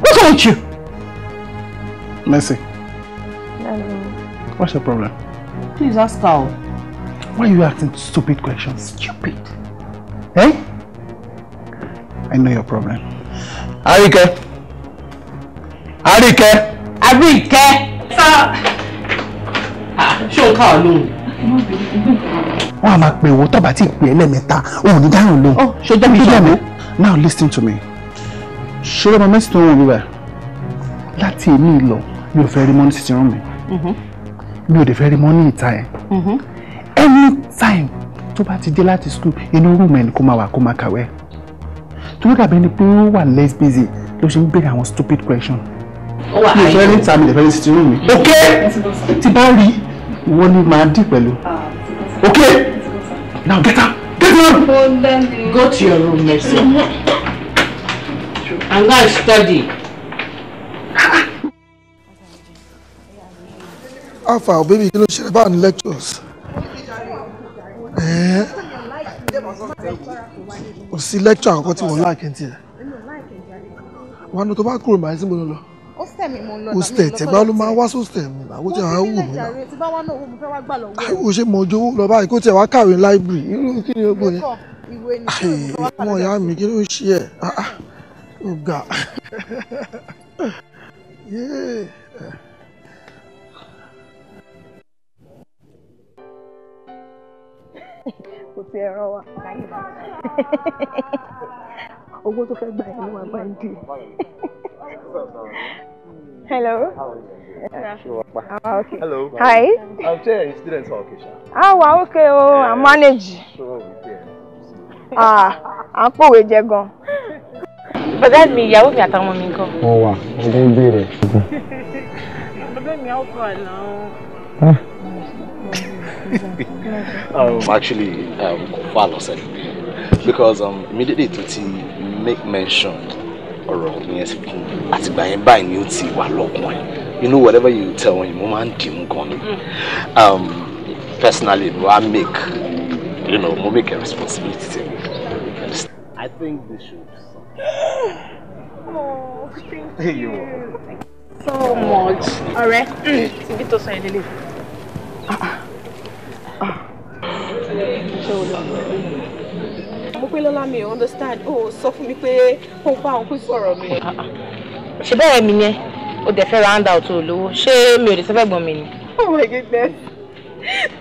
what's wrong with you. Mercy. what's your problem? Please ask her. Why are you asking stupid questions? Stupid? Hey, eh? I know your problem. Arike! Arike! Arike! Sir! Ah, ṣé o ká lóhùn? Wọ́n á máa pè wò tọ́ba tí ì pè é lẹ́ẹ̀mẹ́ta, òun ní dáhùn lóhùn. Oh, ṣé o jẹ́ mi ṣọ́ọ̀bù? Now listen to me. Show o my mẹ́sì tó ń wọ̀ bíbẹ̀? Láti èmi lọ, mi ò fẹ́ rí sitting on me. Mm-hmm. Mi ò dẹ̀ fẹ́ rí mọ́ ní ìta ẹ̀. Mm-hmm anytime tó bá ti dé láti school inú rúùmù ẹni kó máa wà kó máa kàwé tó dàbí ẹni pé ó wà less busy ló ṣe ń béèrè àwọn stupid question. ó wà áyé ní ìta mi lè fẹ́ ní sitting room mi. ok tí bá rí wọ́n ní máa dì pẹ̀lú ok now get up get up. go to your room mercy and go study. alpha oh baby, kí ló ṣẹlẹ̀ báwọn ní lectures kò sí lecture àkọ́kọ́ tí wọ́n láàkì tiẹ̀ wọn ni tó bá kúrò màá sí mo lọ hostel tẹ bá ló máa wá hostel mi náà kó tiẹ̀ wá wù mí náà àìwò ṣe mọ ojú lọ báyìí kó tiẹ̀ wá kàwé library irú kí ni ó gbóyè àìwò ìyá mi kí ló ń ṣe ẹ̀ ah, ah, ó ga. Yeah. kò sí ẹran wa owó tó fẹ́ gbà yẹn wà gbà ń di. Hello. Ah, okay. Hello. Hi. I'm Jay, student of Kesha. Ah, wow, okay, oh, yeah. I manage. Ah, I'm poor. Sure, yeah. But à me, pòwe jẹ be at mi, ìyàwó mi àtàwọn ọmọ mi gan. Wọ́n wà, ọdún ń béèrè. Bàbá mi, àwọn kan àná um, actually, um, far lost because um, immediately to ti make mention ọ̀rọ̀ ní ẹsẹ̀ kún àtìgbà yẹn new ni ó ti you know whatever you tell him mo máa ń dì mú um, personally I make you know mo make a responsibility to I think this should oh, thank you. so much. ọ̀rẹ́ mm. ibi tó sọ yẹn lélẹ̀. Ah, ah mo pé lọ́lá mi ò understand ó sọ fún mi pé kó bá òun pín sọ̀rọ̀ mi. ṣe bẹ́ẹ̀ mi yẹn o dẹ̀ fẹ́ round out olówó ṣé mi ò lè sọ fẹ́ gbọ́n mi ni. oh my goodness.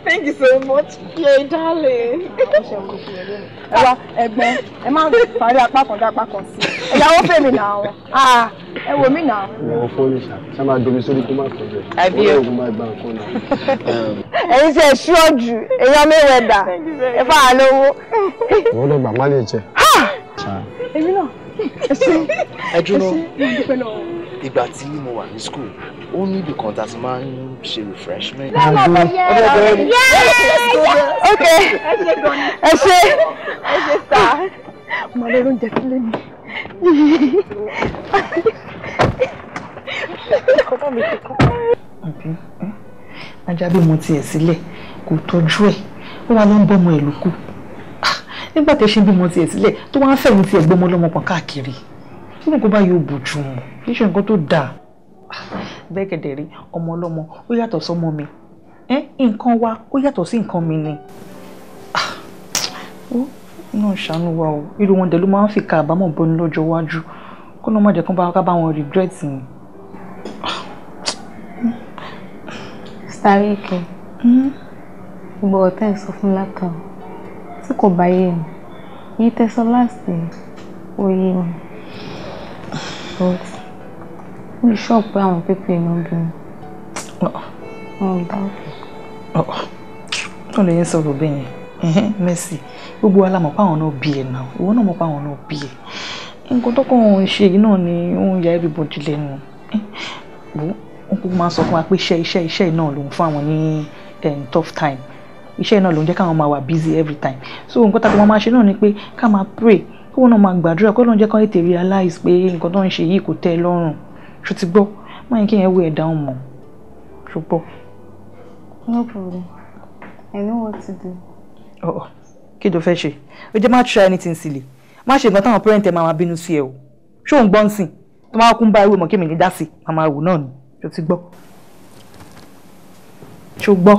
Thank you so much, Pierre, darling. Ẹ wá ẹ̀gbọ́n, ẹ máa parí apá kan dá apá kan sí. Ìyàwó fẹ́ mi náà o. Ah, ẹ wò mí náà. Ìyàwó fóònù ṣá, ṣá máa domi sórí kó má kọjọ. Àbí o. Wọ́n máa gba nǹkan náà. Ẹ̀yin ṣe ṣúọ́ jù, èèyàn mẹ́wẹ̀dà, ẹ fà á lówó. Ìwọ́n lọ gbà má lè jẹ. Ah! Èmi náà. Ẹ ṣe. Ẹ dúró. Ẹ ṣe ìgbà tí mo wà ní school ó ní ibì kan tá a ti máa ń ṣe refreshment. lọ́wọ́ yẹ ọ̀rẹ́ yẹ ok ẹ ṣe ẹ ṣe sá mo lè oúnjẹ sílé mi. àbí ajá bí mo tiẹ̀ sílẹ̀ kò tọ́jú ẹ̀ ó wà ló ń bọ́ ọmọ ẹ̀ lókù ah, nígbà tó ṣe bí mo tiẹ̀ sílẹ̀ tó wá ń fẹ̀yìntì ẹ̀ gbọ́mọlọ́mọ pọ̀ káàkiri tí nǹkan bá yóò bójú mu kì í ṣe nǹkan tó dáa bẹ́ẹ̀ kẹ̀dẹ̀ rí ọmọ ọlọ́mọ ó yàtọ̀ sọ́mọ mi ẹ nǹkan wa ó yàtọ̀ sí nǹkan mi ni ó náà ṣàánú wa o irú wọn dẹ̀ ló máa ń fi ka àbámọ̀ bọ́ni lọ́jọ́ iwájú kó ló jẹ́ kán bá wọn regret ni. sáré hmm? gbogbo ọ̀tá ẹ̀ sọ fún látọ̀ tí kò bá yé mi láti òye mi but mo lè ṣọ́ pé àwọn pépè inú oh, oh. wọn ò bá wù. tó lè yẹn sọ̀rọ̀ bẹ́ẹ̀ yẹn Mercy gbogbo wa la mọ̀ pé àwọn no bí ẹ̀ náà ìwọ náà mọ̀ pé àwọn náà bí ẹ̀ nǹkan tó kàn ń ṣe yìí náà ni ó ń ya everybody lẹ́nu wo wọn kúkú máa ń sọ fún wa pé iṣẹ́ iṣẹ́ iṣẹ́ náà ló tough time iṣẹ́ náà ló ń jẹ́ káwọn máa wà busy every time so nǹkan tá a kọ́ máa ṣe náà ni pé ká máa pray kó wọn náà máa gbàdúrà kó lóun jẹ́ kán tètè realize pé nǹkan tó ń ṣe yìí kò tẹ́ ẹ lọ́rùn ṣó ti gbọ́ má yẹn kí yẹn wé ẹ̀ dáhùn ṣó gbọ́. no problem i know what to do. ọ̀ọ́ kí ló fẹ́ ṣe o jẹ́ má try anything sílẹ̀ má ṣe nǹkan táwọn parent ẹ̀ máa máa bínú sí ẹ o ṣó ń gbọ́n sìn tó máa kún bá ewé mọ̀ kí mi ní dá sí màmá wò náà ni ṣó ti gbọ́. ṣó gbọ́.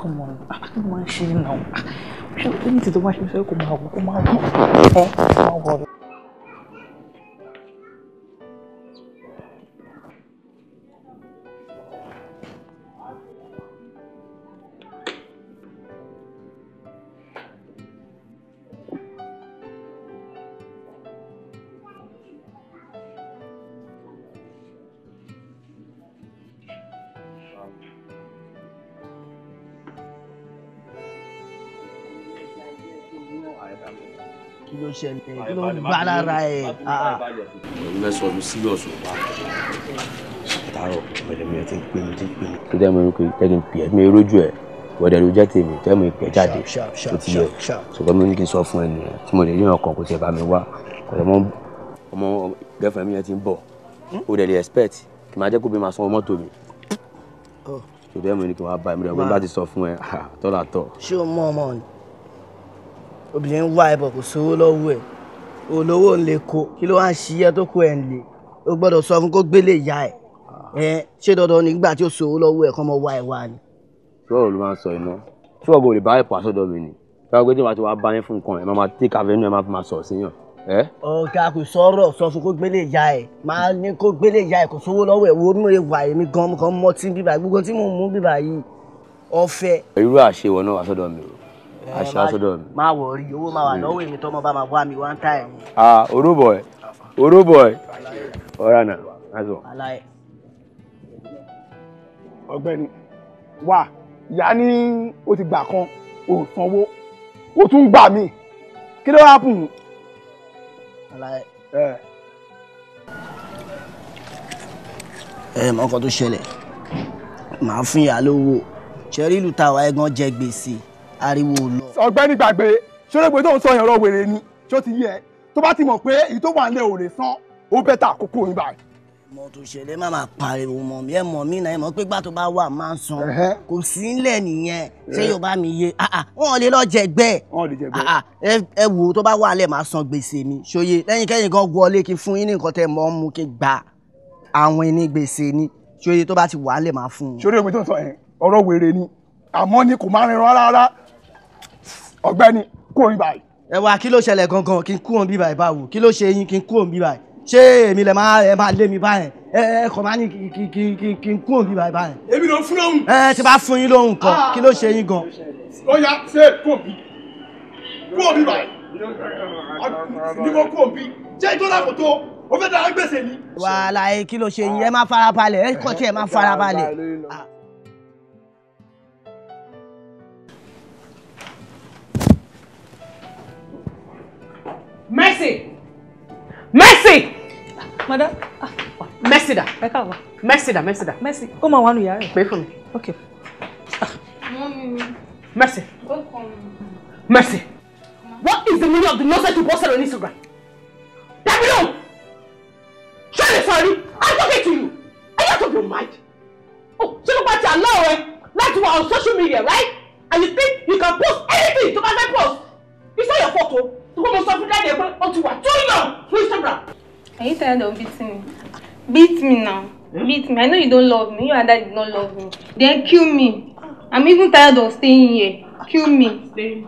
kọ́mọ ah, kí ló máa ń ṣe náà. Ah, ṣé o ní ti tó bá ṣe sọ kó máa wọ kó máa wọ ẹ kó máa wọ rẹ. kí ló ṣẹlẹ̀ kí ló ń gbá lára ẹ̀. mẹ́sàn-án mi serious o wa. tààrọ̀ pẹ̀lẹ́mìí ti ń pè mí ti ń pè mí. tó dẹ́ mọ̀ mi pé kẹ́kẹ́ ń ẹ́ mi rójú ẹ̀ wọ́dẹ̀ ló jẹ́ tèmi tẹ́ mo ìpè jáde tó ti yẹ ṣùgbọ́n mi ní kí n sọ fún ẹni tí mo lè rí ọkàn kò tiẹ̀ bá mi wá ọ̀rẹ́ mọ́ ọmọ girlfriend mi yẹn ti ń bọ̀ o hmm? dẹ̀ lè expect kì máa jẹ́ kó bí máa sanwó mọ́tò mi oh. ṣùgbọ́n mi ní kí n wá bá ẹ̀ mi rẹ̀ wọ́n bá ti sọ fún ẹ tọ́lá tọ́. ṣé o mọ ọmọ ni obìnrin ń wá ẹbọ kò sówó lọ́wọ́ ẹ̀ olówó ń lè kó kí ló wá ń ṣiyẹ́ tó kó ẹ̀ ń lè ó gbọ́dọ̀ sọ fún kó gbélé ìyá ẹ̀ ah. ẹ̀ ṣé dandan nígbà tí ó sówó lọ́wọ́ ẹ̀ kọ́ mọ wá ẹ̀ wá ni. sọ́ọ̀rọ̀ ló máa ń sọ iná sọ́ọ̀gù ò lè bá ẹ̀ pàṣọ dọ̀ mí ni táwọn gbé tí wàá ti wàá bá yín fún nǹkan ẹ̀ máa máa tí kàfẹ́ ẹ̀ máa fi máa sọ̀ ọ̀gá kò sọ̀rọ̀ sọ fún kó gbélé ìyá ẹ̀ máa ní kó gbélé ìyá ẹ̀ kò sówó lọ́wọ́ ẹ̀ wo mi ò wà èmi gan-an mọ́ tí bíbá gbogbo tí mò mú bíbá yìí ọ̀fẹ́. irú àṣewọ̀ náà wà sọ́dọ̀ mi o aṣáṣọdọ eh, mi. máa wọ rí owó máa wà hmm. lọ́wọ́ èmi tọ́mọ bá máa wá mi one time. ah oro boy oro boy ọ̀rá nà azọ. ọ̀gbẹ́ni wà ìyá ní o ti gbà kan o sanwó o tún gbà mí kí ló wá pùn. ẹ mọ nǹkan tó ṣẹlẹ̀ màá fún ìyá lówó ṣe rí ìlú tàwa ẹ̀gàn jẹ gbèsè ariwo lọ. ọ̀gbẹ́ni gbàgbé ṣọlẹ́gbẹ́ tó ń sọ ìrọ̀ wèrè ni ṣó ti yẹ tó bá ti mọ̀ pé èyí tó wà ń lẹ̀ ò lè san ó bẹ́tà àkókò yín báyìí. mo tó ṣẹlẹ̀ má máa pariwo mọ̀ mí ẹ mọ̀ mí náà ẹ mọ̀ pé gbà tó bá wà máa ń san kò sí ńlẹ̀ nìyẹn ṣé yóò bá mi yé ah, ah, wọn lè lọ jẹgbẹ́ ah, ẹ wò tó bá wà lẹ̀ máa san gbèsè mi ṣòye lẹ́yìn kẹ́yìn kan wọlé kí fún yín ní nǹkan tẹ́ mọ́ mú kí gbà àwọn ẹni gbèsè ni ṣòye tó bá ti wà lẹ̀ máa fún un. ṣòro ìwé sọ yẹn ọ̀rọ̀ wèrè ni àmọ́ ni kò má rin rárá ọ̀gbẹ́ni kú òun báyìí. ẹ kí ló ṣẹlẹ̀ gangan kí n kú òun báyìí báwo kí ló ṣe yín kí n kú òun báyìí ṣé èmi lè máa ẹ máa lé mi báyẹn ẹ ẹ kàn máa ní kí kí kí kí n kú òun bí báyìí èmi ló fún lóhùn. ẹ ti bá fún yín lóhùn kan kí ló ṣe yín gan. ó yá ṣe kú òun kú òun báyìí ni mo kú òun bí jẹ́ ìtọ́lá kò tó o fẹ́ dára gbèsè ni. wàhálà kí ló ṣe yín ẹ má farabalẹ̀ ẹ kọ́ tí ẹ má farabalẹ̀. Mercy. Mercy. Madam. Ah, Mercy da. Ẹ káàbọ̀. Mercy da, Mercy da. Mercy, ó máa wà nù yàrá rẹ̀. Pè fún mi. Okay. Mercy. Mercy. What is the meaning of the nonsense you post on Instagram? Davido! Surely sorry, I'm talking to you. Are you out of your mind? Oh, ṣé ló bá ti allow ẹ láti wà on social media, right? And you think you can post anything to my post? It's not your photo ìwọ mo sọ fún dáàdì pé ó ti wà too young fún Instagram. Are you tired of beating me? Beat me now. Hmm? Beat me. I know you don't love me. You and daddy don't love me. Then kill me. I'm even tired of staying here. Kill me. Stay.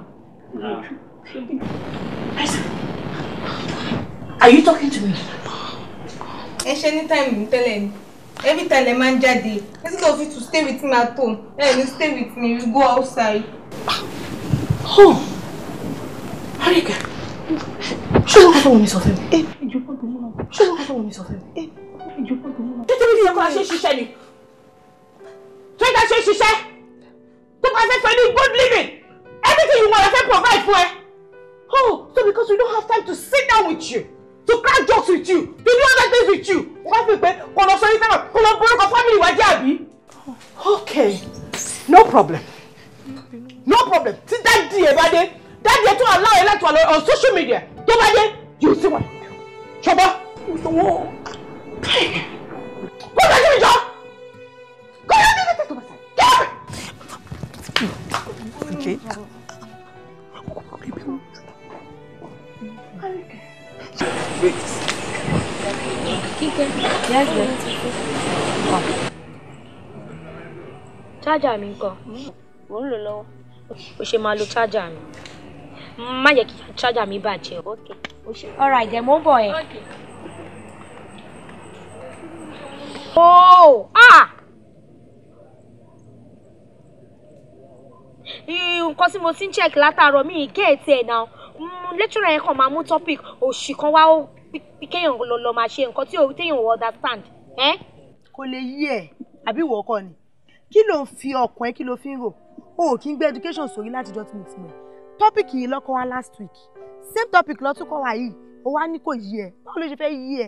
Are you talking to me? Ẹ ṣe ní time mi tẹ́lẹ̀ ni. Every time ẹ man ń he Instead of you to stay with me at home, ẹ you stay with me, you go outside. Oh! How do you get? ṣé wọ́n fọwọ́ mi sọ fún mi. ìjọba tó múra ṣé wọ́n fọwọ́ mi sọ fún mi. ìjọba tó múra. títí bí ìyẹn kọ́ ṣe ṣiṣẹ́ ni tó ń ṣe ṣiṣẹ́ tó bá fẹ́ fẹ́ ní good living everything you want I fẹ́ provide for ẹ. oh so because we don't have time to sit down with you to crack jokes with you to do other things with you wọ́n fi pé kò lọ sọ yín sẹ́wọ̀n kò lọ borúkọ family wájú àbí. okay no problem no problem tí dáàdi ẹ̀ bá dé. That they don't allow electoral on social media. Don't bá you see what? Chaba. Ìṣòwò. Kó lọ sí ìjọ. Kó lọ sí ìjọ tó bá sáré. Kẹ́mi. Kíkẹ́, yes, yes. Chájà mi kọ̀. Mò ń lò lọ́wọ́. O ṣe máa má jẹ́ kí charger mi bàjẹ́ o. ok alright dẹ̀ mo ń bọ̀ ooo oh, ah nǹkan tí mo ti ń check látàárọ̀ mi gẹ̀ẹ́tì ẹ̀ náà mm, lecturer yẹn kàn máa mú topic òṣì kan wá ó kéèyàn lọ lọ máa ṣe nǹkan tí òun téèyàn wọ understand. kò lè yí ẹ àbí ìwọ kọ́ ni kí ló ń fi ọkàn ẹ kí ló fi ń rò o ò kí ń gbé education sórí láti jọ tí mo ti mọ̀ Topic yìí lọ́kọ́ wa last week same topic lọ́tún kọ́ wa yìí ó wá ní kò yí ẹ báwo ló ṣe fẹ́ yí ẹ.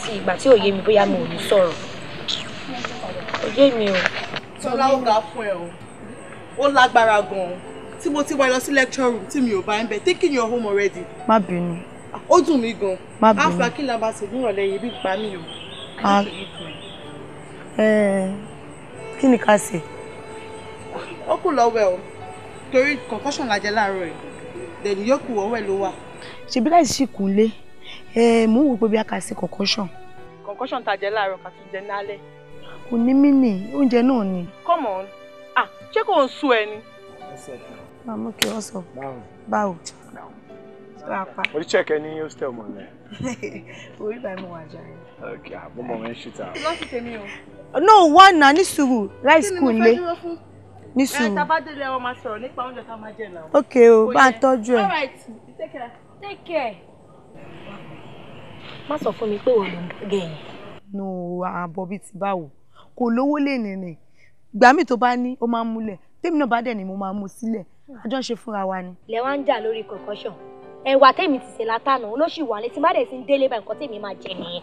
ti ìgbà tí òye mi bóyá mi ò ní sọ̀rọ̀ òye mi o. tọ́lá ó ga fún ẹ o ó lágbára gan-an tí mo ti wá lọ sí lecture room tí mi ò bá ń bẹ taking your home already. má bínú. ó dùn mí gan. má bínú. àfà kí la bá ṣe nírọ̀lẹ́ yìí bí gbà mí o. Eh, kí ni ká ṣe. ó kù lọ́wọ́ o torí concussion la jẹ láàárọ̀ yìí dẹ̀ni yòókù ọwọ́ ẹ̀ ló wà. ṣebí láì sí ìkúnlé mò ń wò pé bí a kà sí concussion. concussion tá jẹ láàárọ̀ kà tún jẹ lálẹ́. kò ní mí nì oúnjẹ náà ni. come on ah ṣé kò ń sú ẹ ni. màmú kí wọ́n sọ báwo lápá. mo ti check ẹ ní hostel mọ ní. orí báyìí mo wà jàre. ok àbúmọ̀ mi ń ṣùtà. lọ́sì tèmi o. no wọ́n nà ní sùúrù láì sí ìkúnlé. kí ni mo fẹ́ dúró fún ní sùúrù. ẹ tabadélé ọmọ sọ̀rọ̀ nípa oúnjẹ tá a máa jẹ náà. ok o bá a tọ́jú ẹ. all right take care. take care. má sọ fún mi pé òun ló ń gẹ yẹn. nù àbọ̀ bíi ti báwo kò lówó lè nìrìn ìgbà míì tó bá ní ó máa ń múlẹ̀ tèmi náà bá dẹ̀ ni mo máa mú sílẹ̀ àjọ ṣe fúnra wa ni. lẹ wá ń jà lórí concussion ẹwà tèmi ti ṣe látànà ló wà létí má dẹ̀ sí délé bá nǹkan tèmi máa jẹ nìyẹn.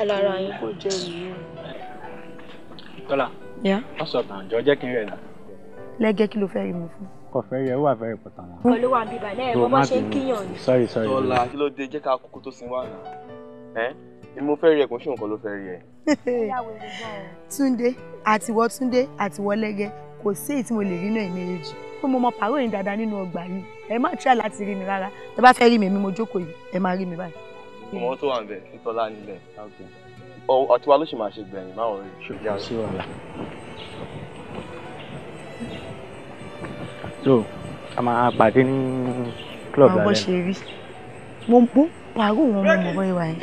ọlọ́rọ̀ yín kò jẹ ìlú. tọ́lá wọ́n sọ bàǹjọ́ jẹ́ kí n rẹ̀ náà lẹ́gẹ́ kí ló fẹ́ rí mi fún. kọfẹ yẹ wà fẹrẹ pọtà náà. ọkọ ló wà bíbà náà mo bá ṣe ń kíyàn ni. sọrí sọrí. tọ́lá kí ló dé jẹ́ ká kókó tó sin wà náà ẹ́ ni mo fẹ́ rí ẹ̀kún ṣé nǹkan ló fẹ́ rí ẹ. túndé àtiwọ́ túndé àtiwọ́ lẹ́gẹ́ kò sí èyí tí mo lè rí náà ìméjèèjì pé mo mọ pàrọ̀ yìí dáadáa nínú ọgbà yìí ẹ má tíra láti rí mi rárá ẹ bá fẹ́ rí mi èmi mo jókòó yìí ẹ má rí mi báyìí. mo tó wà nbẹ títọ́lá nílẹ̀ ọtí wa ló ṣì máa ṣe gbẹ̀yìn máa wọ̀ rí. ṣùgbọ́n sí wàhálà so a máa pàdé ní club lálẹ́. àwọn bó ṣe rí mo ń bó pàrọ̀ wọn lọ́mọ bọ́ ìwà yẹn.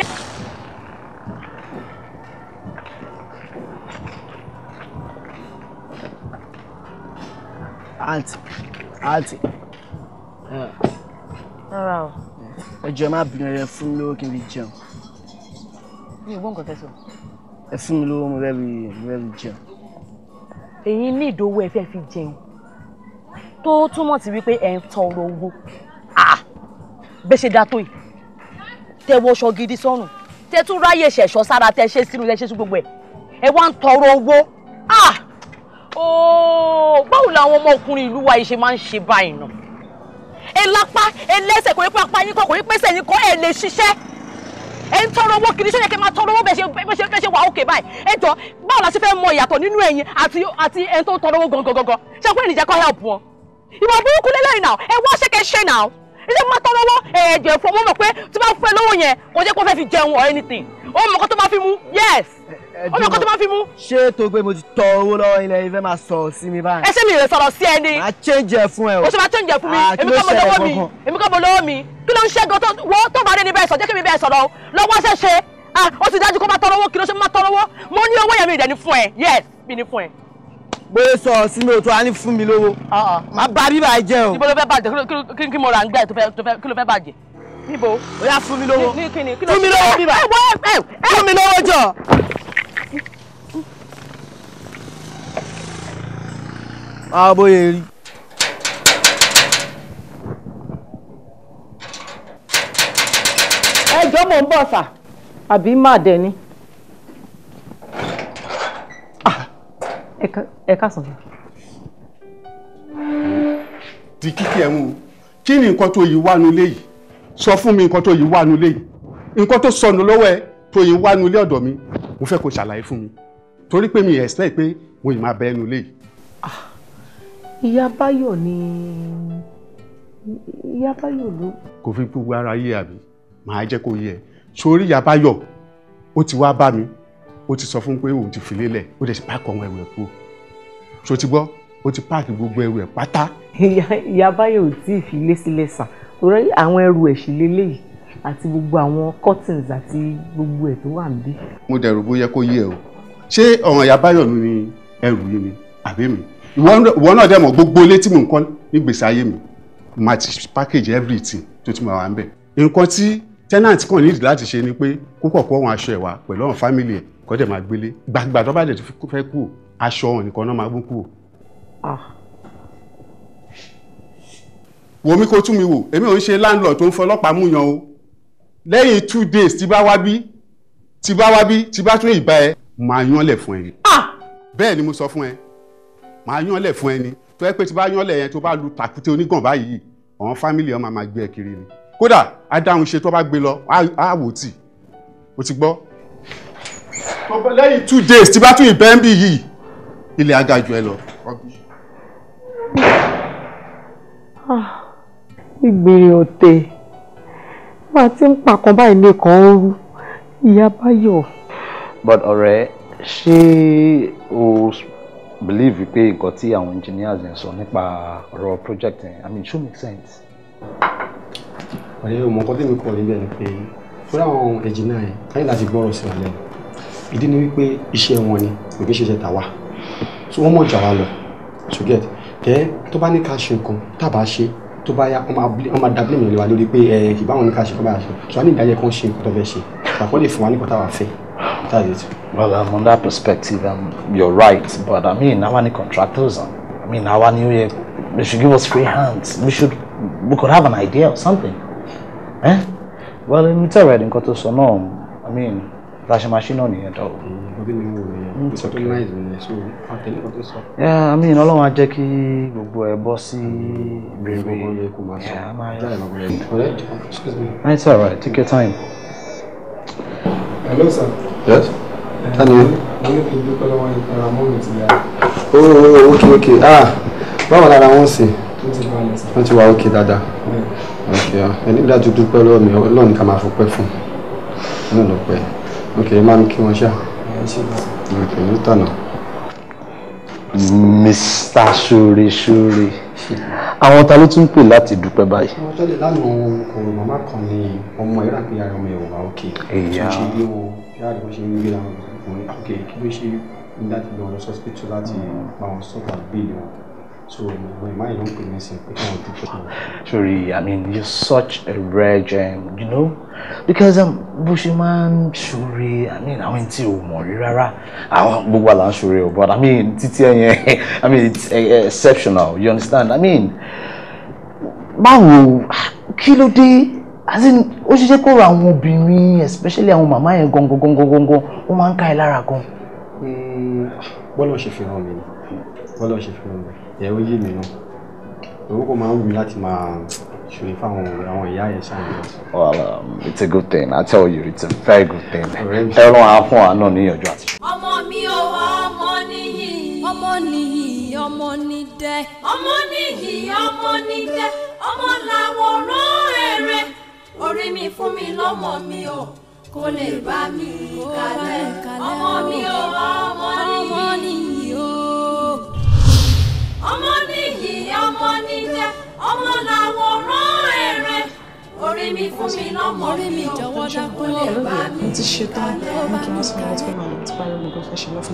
àǹtí àǹtí rárá o. ẹ jọ̀ọ́ má bínú rẹ fún mi lówó kí n fi jẹun. mi ò gbọ́ nǹkan tẹ́sán. ẹ fún mi lówó mo fẹ́ fi jẹun. èyí ní ìdówó ẹ fẹ́ fi jẹun tó túmọ̀ sí wípé ẹ̀ ń tọrọ owó ah! bẹ́ẹ̀ ṣe dá tó yìí tẹ wọṣọ gidi sọ́run tẹ tún ráyè ṣẹ̀ṣọ́ sára tẹ ṣe sínú tẹ sí gbogbo ẹ̀ ẹ wá ń tọrọ owó ah! báwo làwọn ọmọkùnrin ìlú wa ṣe máa ń ṣe báyìí náà ẹ lápá ẹ lẹ́sẹ̀ kò ní pé apá yín kan kò ní pé yín kan ẹ lè ṣiṣẹ́ ẹ ń tọrọ owó kiri sọ́yẹ́ kẹ́ máa tọrọ owó bẹ́ẹ̀ ṣe bẹ́ẹ̀ ṣe wà òkè báyìí ẹ jọ báwo la ṣe fẹ́ mọ ìyàtọ̀ nínú ẹ̀yin àti ẹni tó ń tọrọ owó gangan gangan ṣé kó ẹnìjẹ́ kọ́ help wọn ìwà burúkú lélẹ́yìn náà ẹ wá ṣẹ́kẹ́ ṣe náà ilé máa tọ́ lọ́wọ́ ẹ̀ẹ́dẹ̀ fún ọmọ mọ̀ pé tí bá fún ẹ lọ́wọ́ yẹn kò jẹ́ kó fẹ́ fi jẹun or anything ó mọ̀ kó tó máa fi mú yes ó mọ̀ kó tó máa fi mú. ṣé tó gbé mo ti tọ owó lọ́wọ́ ilẹ̀ ìfẹ́ máa sọ̀rọ̀ sí mi báyìí. ẹ ṣé mi rè sọ̀rọ̀ sí ẹ ni. máa change ẹ fún ẹ o. ó ṣe máa change ẹ fún mi ah, èmi kọ́ mo lọ́wọ́ mi èmi kọ́ mo lọ́wọ́ mi kí ló ń ṣe gan wọ́n tó bá dé níbẹ̀ sọ jẹ́ kí mi bẹ́ẹ̀ sọ̀rọ̀ lọ́wọ́ ṣe ṣe ah, ó ti dájú kó máa tọrọ owó kí ló ṣe máa tọrọ owó mo ní owó yẹn mi ìdẹ́ni fún ẹ yes mi ní bóyá sọ sínú òtún á ní fún mi lówó ah, ah. má bá bíbà jẹ o. níbo ló fẹ́ bàjẹ́ kí mo ra ń gbà kí ló fẹ́ bàjẹ́ níbo. ó yá fún mi lówó fún mi lówó bíbà fún mi lówó jọ. máa bóyá rí. ẹjọ́ mò ń bọ̀ sà àbí má dẹ̀ ni. ẹ káàsán sá. di kíkì ẹ̀hún o kí ni nǹkan tó yìí wá nulẹ̀ yìí sọ fún mi nǹkan tó yìí wá nulẹ̀ yìí nǹkan tó sọnù lọ́wọ́ ẹ tó yìí wá nulẹ̀ ọ̀dọ̀ mi mo fẹ́ kó ṣàlàyé fún mi torí pé mi expect pé mo yìí máa bẹ ẹnu lé yìí. Ah, ìyá báyọ̀ ni ìyá báyọ̀ ló. kò fi gbogbo ara yé àbí màá jẹ́ kó yé sórí ìyá báyọ̀ ó ti wá bá mi ó ti sọ fún pé òun ti fìlé lẹ̀ ó dẹ̀ ti páàkì ọmọ ẹrù ẹ̀ kú so ti gbọ́ ó ti páàkì gbogbo ẹrù pátá. ìyá báyọ̀ ò tí ì fi ilé sílẹ̀ sàn torí àwọn ẹrù ẹ̀ sì lélẹ́yìí àti gbogbo àwọn curtains àti gbogbo ẹ̀ tó wà níbí. mo dẹ̀rù bóyá kó yé ẹ o ṣé ọ̀ràn ìyá báyọ̀ mi ni ẹrù yìí ni àbí mi ìwọ náà dẹ̀ mọ̀ gbogbo ilé tí mò ń kọ́ nígbèsè ayé mi máa ti package everything tó ti máa wà ń bẹ̀ nǹkan tí tenant kàn nídìí láti ṣe ni pé kó kọ̀ọ̀kan àwọn aṣọ ẹ̀ wá pẹ̀lú àwọn family ẹ̀ kọ́ dẹ̀ máa gbélé gbàgbà tó bá dẹ̀ fẹ́ kú aṣọ ọ̀hún nìkan náà máa gún kú. Ah. wo mi kó tún mi wò èmi ò ń ṣe landlord tó ń fọlọ́pàá mú yan o lẹ́yìn two days tí bá wá bí tí bá wá bí tí bá tún ìbá ẹ máa yánlẹ̀ fún ẹ ni. Ah! bẹ́ẹ̀ ni mo sọ fún ẹ máa yánlẹ̀ fún ẹ ni tó ẹ pé tí bá yánlẹ̀ yẹn tó bá lu tàkúté onígàn báyìí àwọn fámìlì ọmọ máa gbé ẹ kiri ni kódà adáhùn ṣe tó bá gbé lọ á wò tì ó ti gbọ́ lẹ́yìn two days tí bá tún ìbẹ́ ń bì yìí ilé agajù ẹ lọ. Ah, ìgbìyànjú ọ̀tẹ̀ máa ti ń pàkan báyìí lẹ́kàn ń rú ìyá báyọ̀. but ọ̀rẹ́ ṣé o believe pé nǹkan tí àwọn engineers ń sọ nípa ọ̀rọ̀ project yẹn i mean show make sense. ọ̀rẹ́ o mọ̀ nǹkan tí mi kọ̀ níbẹ̀ ni pé fúnra àwọn engineer yẹn káyọ̀ láti gbọ́rọ̀ sí wa lẹ́nu ìdí ni wípé iṣẹ́ wọn ni kò kí ń tàwa so wọ́n mọ̀ jà wá lọ to get tẹ́ tó bá ní ká ṣe nǹkan tábà ṣe tó bá yá wọ́n máa dábìlì mìíràn wa lórí pé ẹ eh, ìbá wọn ní ká ṣe kọ́ bá ṣe so wọ́n ní ìdájẹ́ kan ṣe nǹkan tó fẹ́ ṣe tàbí wọ́n lè fún wa nípa táwa fẹ́ that's it. well um, on that perspective um, you're right but i mean àwa ni contractors um, i mean àwa ni ó yẹ they should give us free hands we should we could have an idea or something. Eh? well in tẹ́rẹ̀ nǹkan tó sọ náà um, i mean bá ṣe máa ṣí náà nìyẹn dọ̀. ọdún mi wò nìyẹn nǹkan tó náà ìlú nìyẹn so àtẹlẹ nǹkan tó it's all right take your time. hello sir. yes. Uh, tani o. mo ní kí n dúpẹ́ lọ́wọ́ yìí para mọ́ mi ti yá. ooo ok ok ah báwo lára wọn sì. wọ́n ti wá ok dáadáa. ok ah, ẹni dájú dúpẹ́ lọ́wọ́ mi ọlọ́run ká máa fọpẹ́ fún ok má mi kí wọn ṣá ok ló tọ̀nà. mr sore sore àwọn ta ló tún pè láti dúpẹ́ báyìí. wọ́n tẹ́lẹ̀ lánàá kò màmá kan ní ọmọ ìrà pé ara ọmọ ìwà òkè tó ṣe bí wọn kí á lè wọ́n ṣe ń gbé láwọn ọkùnrin òkè kí ló ṣe ń dájú lọ lọ sọ́sìpítù láti pa wọn sọ́kà bíìlì wọn so my mind don pay sorry i mean you're such a rare gem you know because um, bó ṣe máa ń i mean I went to Morirara. I want Bugwala gbogbo but i mean títí i mean it's eh, eh, exceptional you understand i mean báwo kilo ló dé as in ó ṣe jẹ́ kó especially àwọn màmá yẹn Gong gangan Gong ó máa ń ká ẹ lára gan. Hmm, bọ́lá ṣe fi hàn mí bọ́lá ṣe fi hàn ìyẹn ó yé mi nù òun kò máa ń wù mí láti máa ṣòro fáwọn àwọn ìyá yẹn ṣáàyè. well um, it's a good thing i tell you it's a very good thing ẹran ahọ́n àánú níyànjú àti. ọmọ mi ò wá ọmọ nìyí ọmọ nìyí ọmọ ní ọmọ nìyí ọmọ ní ọmọ làwòrán èrè orí mi fún mi lọ́mọ mi ò kó lè bá mi kalẹ̀ ọmọ mi ò wá ọmọ nìyí ọmọ nìyí ọmọ níjẹ ọmọ làwòrán ẹrẹ orí mi fún mi lọmọ orí mi jọ̀wọ́ dákú lè bá mi kalẹ̀ ó bá mi kalẹ̀.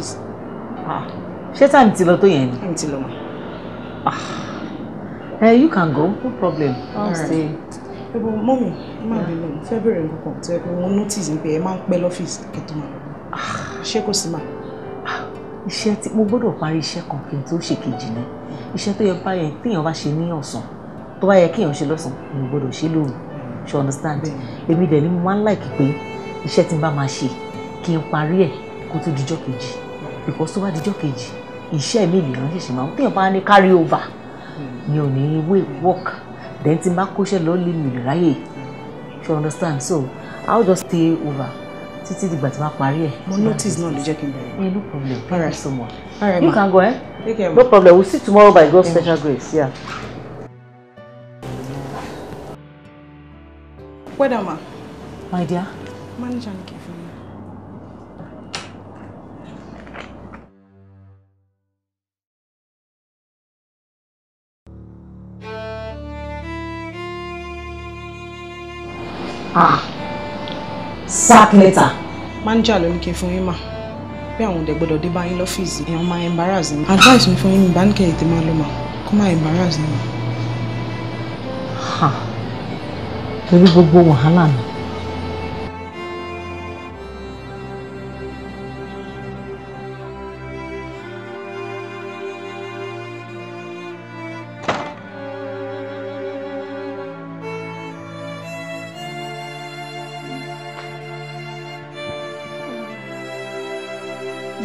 Ah. ṣé táàmì ti lọ tó yẹn ni. táàmì ti lọ mọ. Ah. Hey, eh, you can go, no problem. I'll right. stay. Ebo, mommy, February bínú, fẹ́ bẹ̀rẹ̀ nǹkan kan, tẹ́ ẹ pé wọ́n notice pé February. máa ń pẹ́ lọ́fíìsì kẹ́tọ́ máa lọ. Ah. Ṣé kò sí máa? iṣẹ́ tí mo gbọ́dọ̀ parí iṣẹ́ kan kí n tó ṣe kejì ni iṣẹ́ tó yẹ báyẹn téèyàn bá ṣe ní ọ̀sán tó bá yẹ kéèyàn ṣe lọ́sàn mi ò gbọ́dọ̀ ṣe lóru ṣe understand èmi dẹ̀ ni mo máa ń like pé iṣẹ́ tí n bá máa ṣe kí n parí ẹ̀ kó tó dijọ́ kejì because tó bá dijọ́ kejì iṣẹ́ mi lèèyàn ṣẹ̀ṣẹ̀ máa ń téèyàn bá ní carry over Ni ò ní way work then tí n bá kóṣẹ́ lọ́ọ́ lé mi ráyè ṣe understand so I'll just stay over títí dìgbà tí wọ́n parí ẹ̀. mo notice náà ló jẹ́ kí n bẹ̀rẹ̀. no problem thank you so much. you can go eh. take ma no problem we'll see tomorrow by God's special grace. Yeah. Where am I? my dear. manager nìkẹ́. sack letter. manager ló ní kí n fún yín mà pé àwọn ọ̀dẹ̀ gbọ́dọ̀ dé bá yín lọ́fíìsì èèyàn máa embarrass mi. advice mi fún yín bá ní kẹ́ ètè máa lọ mà kó máa embarrass mi. torí gbogbo wàhálà mi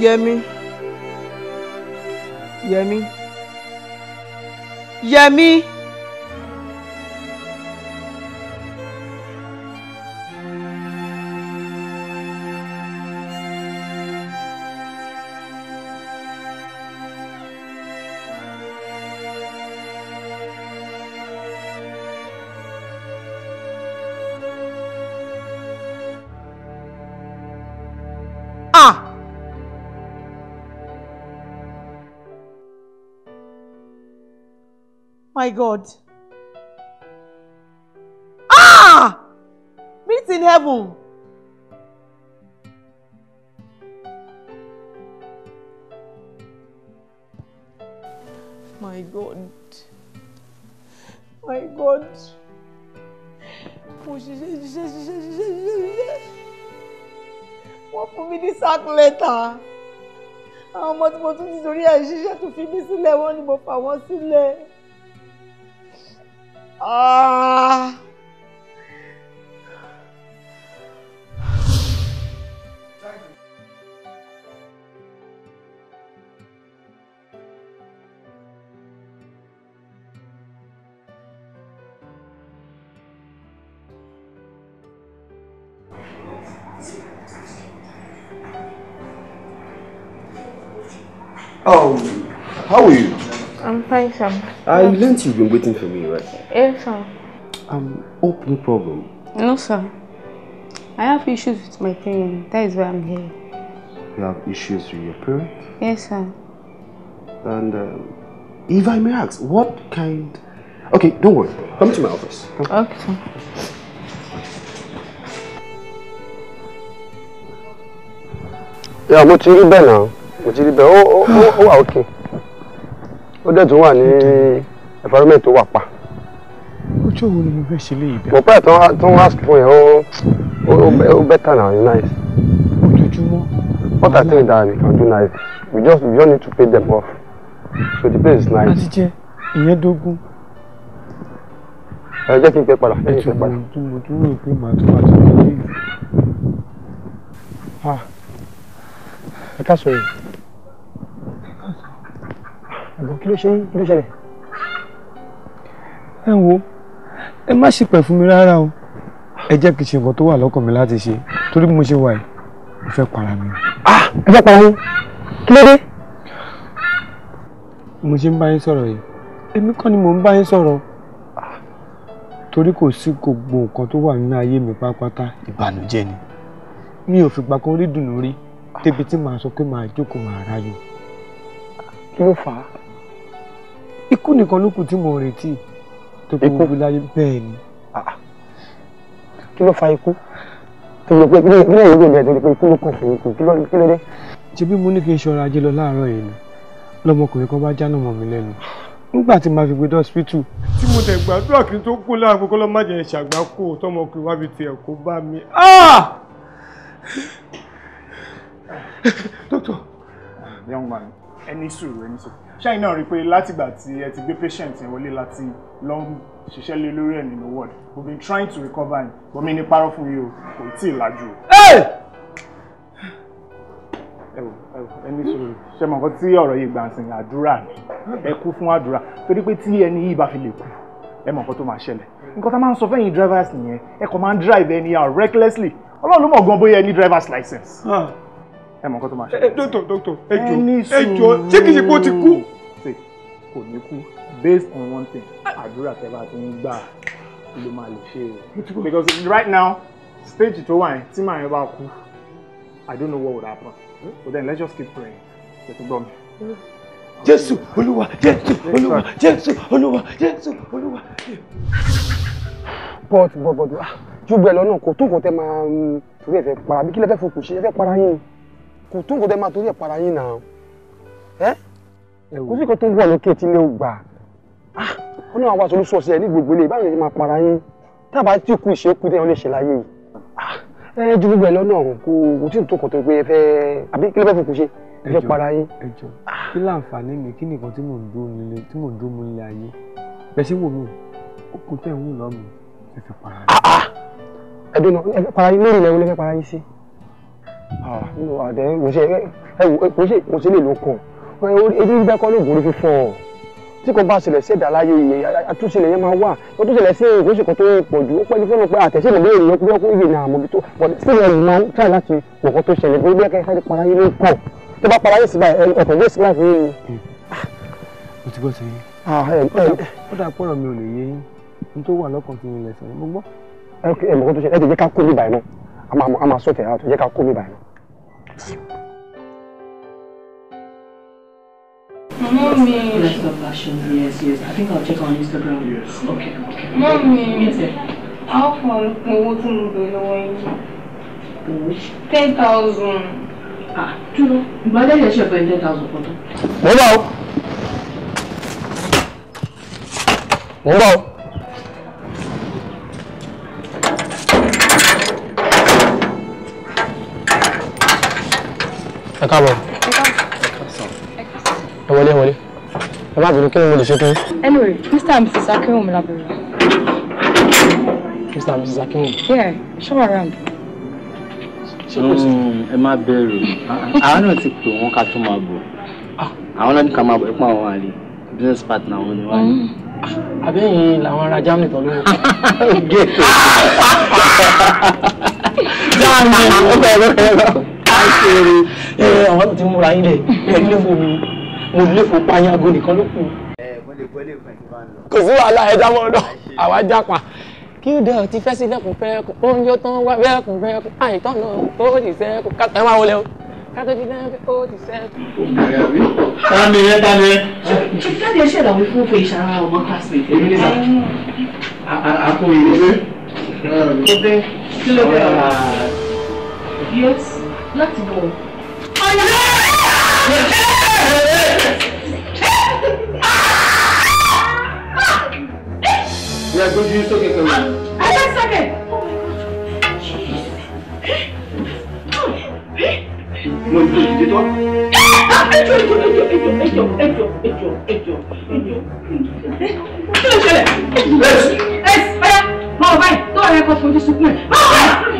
yẹmi yẹmi yẹmi. My God. Ah! Meet in heaven. My God. My God. Mo ṣiṣẹ́ ṣiṣẹ́ ṣiṣẹ́ ṣiṣẹ́ ṣiṣẹ́ ṣiṣẹ́. Wọ́n fún mi ní sack letter. Àwọn ọmọ tí mo tún ti torí ẹ̀ ṣiṣẹ́ tó fi mí sílẹ̀ wọ́n ní mo fà wọ́n sílẹ̀. Ah. Oh, how are you? I'm fine, sir. I yes. learned you've been waiting for me, right? Yes, sir. Um, hope oh, no problem. No, sir. I have issues with my parents. That is why I'm here. You have issues with your parents? Yes, sir. And um, if I may ask, what kind... Okay, don't worry. Come to my office. Come. Okay, sir. Yeah, mo ti rí bẹ́ẹ̀ náà, mo ti oh oh, oh, oh, oh, okay. ó dẹ̀ tún wà ní environment tó wà pa. ojú òun ni mo fẹ́ ṣe léyìí bẹ́ẹ̀. mo pẹ́ tó tó ń ask fún yẹn ó better now. you nice. ojoojúmọ́. what i tell you that we can do nice we just we just need to pay them off so the place is nice. àti jẹ ìyẹn dógún. ẹ jẹ́ kí n pẹ́ padà jẹ́ kí n pẹ́ padà. ètò mo tún rò pé màá tó àti ìdílé. ẹ ká sọ yìí ẹ̀gbọ́n kí ló ṣe kí ló ṣẹlẹ̀. ẹ wo ẹ má ṣìpẹ̀ fún mi rárá o ẹ jẹ́ kí n ṣe nǹkan tó wà lọ́kàn mi láti ṣe torí bí mo ṣe wà yìí mo fẹ́ para mi. ẹ fẹ́ para mi kí ló dé. mo ṣe ń bá yín sọ̀rọ̀ yìí èmi kọ́ ni mò ń bá yín sọ̀rọ̀ torí kò sí gbogbo nǹkan tó wà nínú ayé mi pátápátá ìbànújẹ́ ni mi ò fìgbà kan rí dùnú rí débi tí màá sọ pé màá jókòó màá ráyò kí ló fà á ikú nìkan ló kù tí mo retí tó kú gbogbo láyé bẹ́ẹ̀ ni. Ah, ah. kí ló fa ikú tó lọ pé kí lóye yóò bẹ̀rẹ̀ torí pé ikú ló kàn fún ikú kí ló dé. ṣebí mo ní kí n ṣọ́ra ajé lọ láàárọ̀ yìí ni lọmọkùnrin kan bá jáná mọ́ mi lẹ́nu nígbà tí màá fi gbé dọ́sítù. tí mo tẹ̀ gbàdúrà kí n tó kú láàgbo kọ́ ló má jẹ́ ṣàgbákò tọmọkùnrin wá fi tiẹ̀ kó bá mi. Ah! dókítà. young man ẹni sùúrù ẹni sùúrù ṣẹ́yìn náà rí i pé látìgbà tí ẹ ti gbé patient yẹn wọlé láti lọ ń ṣiṣẹ́ lé lórí ẹ̀ nínú ward we been trying to recover him but mi ní parọ́ fún yìí o kò tí ì lajú o. ẹ wò ẹ wò ẹni sọ̀rọ̀ ṣe mọ̀ nǹkan tí ọ̀rọ̀ yìí gbà sìn àdúrà ni ẹ kú fún àdúrà torí pé tí ẹni yìí bá fi lè kú ẹ mọ̀ nǹkan tó máa ṣẹlẹ̀ nǹkan tá a máa ń sọ fẹ́yìn drivers nìyẹn ẹ kàn máa ń drive anyhow recklessly ọlọ́run ló mọ̀ gan bóyá ẹ drivers license. Ah ẹ mọ nǹkan tó máa ṣe. dókítà dókítà ẹjọ ẹjọ ṣé kìí ṣe pé ó ti kú. ṣe kò ní kú based on one thing àdúrà tẹ bá ti ń gbà ló máa lè ṣe o because right now stage tó wà yẹn tí màá yẹn bá kú i don't know what would happen but then let's just keep praying tètè gbọ́ mi. jésù olúwa jésù olúwa jésù olúwa jésù olúwa. but bọ̀bọ̀dù ah jù bẹ́ẹ̀ lọ́nà kò tó kò tẹ́ máa mm, torí ẹ̀ fẹ́ para bí kí lẹ́ fẹ́ fokùn ṣe ẹ fẹ́ para yín ni kò tó nǹkan tẹ́ máa torí ẹ̀ para yín náà ẹ́ kò sí nǹkan tó wọ̀ lókè tí ilé ò gbà ó ah! náà wá solúsọ sí ẹ ní gbogbo ilé báwo ni máa para yín tábà tí kú ìṣekú tẹ́yàn lè ṣe láyé yìí ah! ẹ ju gbogbo ẹ lọ́nà ọ̀hún kò kò tí ì tó kọ̀tọ̀ pé ẹ fẹ́ àbí kí ló fẹ́ fòkù ṣe ẹ fẹ́ para yín. ẹ jọ ah! kí láǹfààní mi kí nìkan tí mò ń dún mi tí mò ń dún mi lé ayé bẹ́ẹ̀ sí wò mí ó kò tẹ̀ ń wù lọ́mù ẹ fẹ́ para yín. ẹ dùn náà ẹ fẹ́ para yín lórí ilẹ̀ wo lẹ fẹ́ para yín sí àdé ǹṣe ẹ wò kò ṣe kò ṣe lè ló kàn ebi gbígbẹ́ kọ́ ló gòrí fífọ́ tí kò bá ṣẹlẹ̀ sí ẹ̀dá láyé yìí àtúnṣe lè yẹn máa wà ó tún ṣẹlẹ̀ sí nǹkan oṣù kan tó pọ̀ jù ó pẹ́ ní fọ́nà pé àtẹ̀sí ìlú bẹ́ẹ̀ yẹn pé ó yè ní àmọ́ bí tó pọ̀lẹ̀ sí ìlú ẹ̀rù máa ń tà láti nǹkan tó ṣẹlẹ̀ bóyá kẹ́kẹ́ para yín ló pọ̀ tó bá para yín sí báyìí ọ̀tọ̀ yóò sí láti yín. o ti gbọ́ sí yín. ó dà pọ̀rọ̀ mi ò lè yé yín n tó wà lọ́kàn ti yín lẹ́sẹ̀ mo gbọ́. ẹ ẹ mọ̀ kó tó ẹ a máa sọ tẹ̀yà tó jẹ́ ká kó mi báyìí. Mommy. Rest of fashion, yes, yes. I think I'll check on Instagram. Yes. Okay, Mommy. Yes, sir. How far owó tí mo lọ́wọ́ yín? Ten thousand. Ah, dúró. Ìgbàdé yẹn ṣe bẹ̀rẹ̀ ten thousand fọ́tọ̀. Mo bá o. ẹ káàbọ̀ ẹ wọlé wọlé ẹ bá bèrè kí ni mo lè ṣe fún yín. anyway mr and mrs akinwum labere. mr and mrs akinwum. yeah show around. Mm, ẹ má bẹ̀rù àwọn náà ti pè wọ́n ká tó máa bọ̀ àwọn náà ní ká máa bọ̀ ẹ pọ́n àwọn àlè business partner wọn ni wọ́n ní mm. àbẹ́yìn làwọn ará germany tó lówó. gẹ́tò dáhùn ó bẹ̀rẹ̀ bẹ̀rẹ̀ àṣírí àwọn náà ti múra yín lẹ̀ ẹ léfò mi mo léfò payango nìkan ló kù. kò sí wàhálà ẹ dáwọ́ ọ̀dọ̀ àwa jápa kí ó dẹ ọtí fẹ́ sí lẹ́kùn fẹ́ẹ́kùn oúnjẹ tó ń wá fẹ́ẹ́kùn fẹ́ẹ́kùn àìtọ́ náà ó sì sẹ́ẹ́kùn ká ẹ máa wọlé o ká tó ti lẹ́kùn ó sì sẹ́ẹ́kùn. tani ẹ tani ẹ. jáde ẹṣẹ làwọn fún fún ìṣara ọmọ classmate. èmi nígbà àpò ìwé. kí ló dé. yóò láti wọ̀. Yeah, go to you so get away. I just suck it. Oh my god. Jeez. Mo ti ti to. Ẹjọ́ ẹjọ́ ẹjọ́ ẹjọ́ ẹjọ́ ẹjọ́ ẹjọ́ ẹjọ́ ẹjọ́. Kí ló ṣẹlẹ̀? Ẹ̀sì ẹ̀sì ọ̀yá máa wọ̀ báyìí tó ọ̀rẹ́ kan fojú sunkún ẹ̀. Máa wọ̀ báyìí.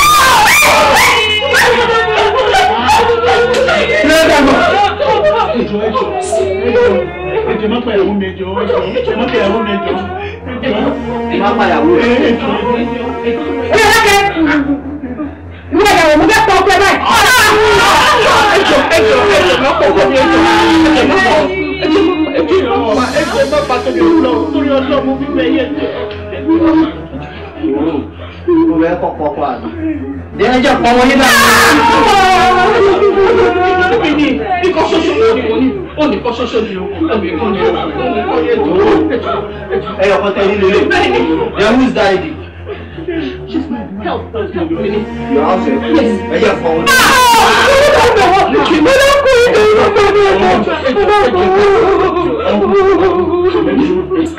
ẹ dàgbọ́. ẹjọ ẹjọ ẹjọ ẹjọ má pa ìyàwó mi ẹjọ ẹjọ ẹjọ má pa ìyàwó mi ẹjọ ẹjọ má pa ìyàwó mi ẹjọ. bí ọlọ́kẹ́ ìwé ìyàwó mi bẹ́ pọ̀ pẹ́ báyìí. ẹjọ ẹjọ ẹjọ má pọ̀ pẹ́ ẹjọ ẹjọ má pọ̀ ẹjọ má ẹjọ má pa tóbi ọlọ́run torí ọlọ́run fífẹ́ yẹn. Ìwé kọ̀kọ̀ pa Dia Jẹ́ jẹ́ pọ́nmọ́ Ini, ini ń bí. Ikọ̀ ṣoṣo ni mo ní. Ó ní kọ́ ṣoṣo ni o. Ẹ yọ̀ kọ́tẹ́ yín lélẹ̀. Your who's daddy? She's my help. Help me. Your house help. Yes. Ẹ yẹ fọwọ́. Mo lọ kú ìdúró mi ní ọmọ.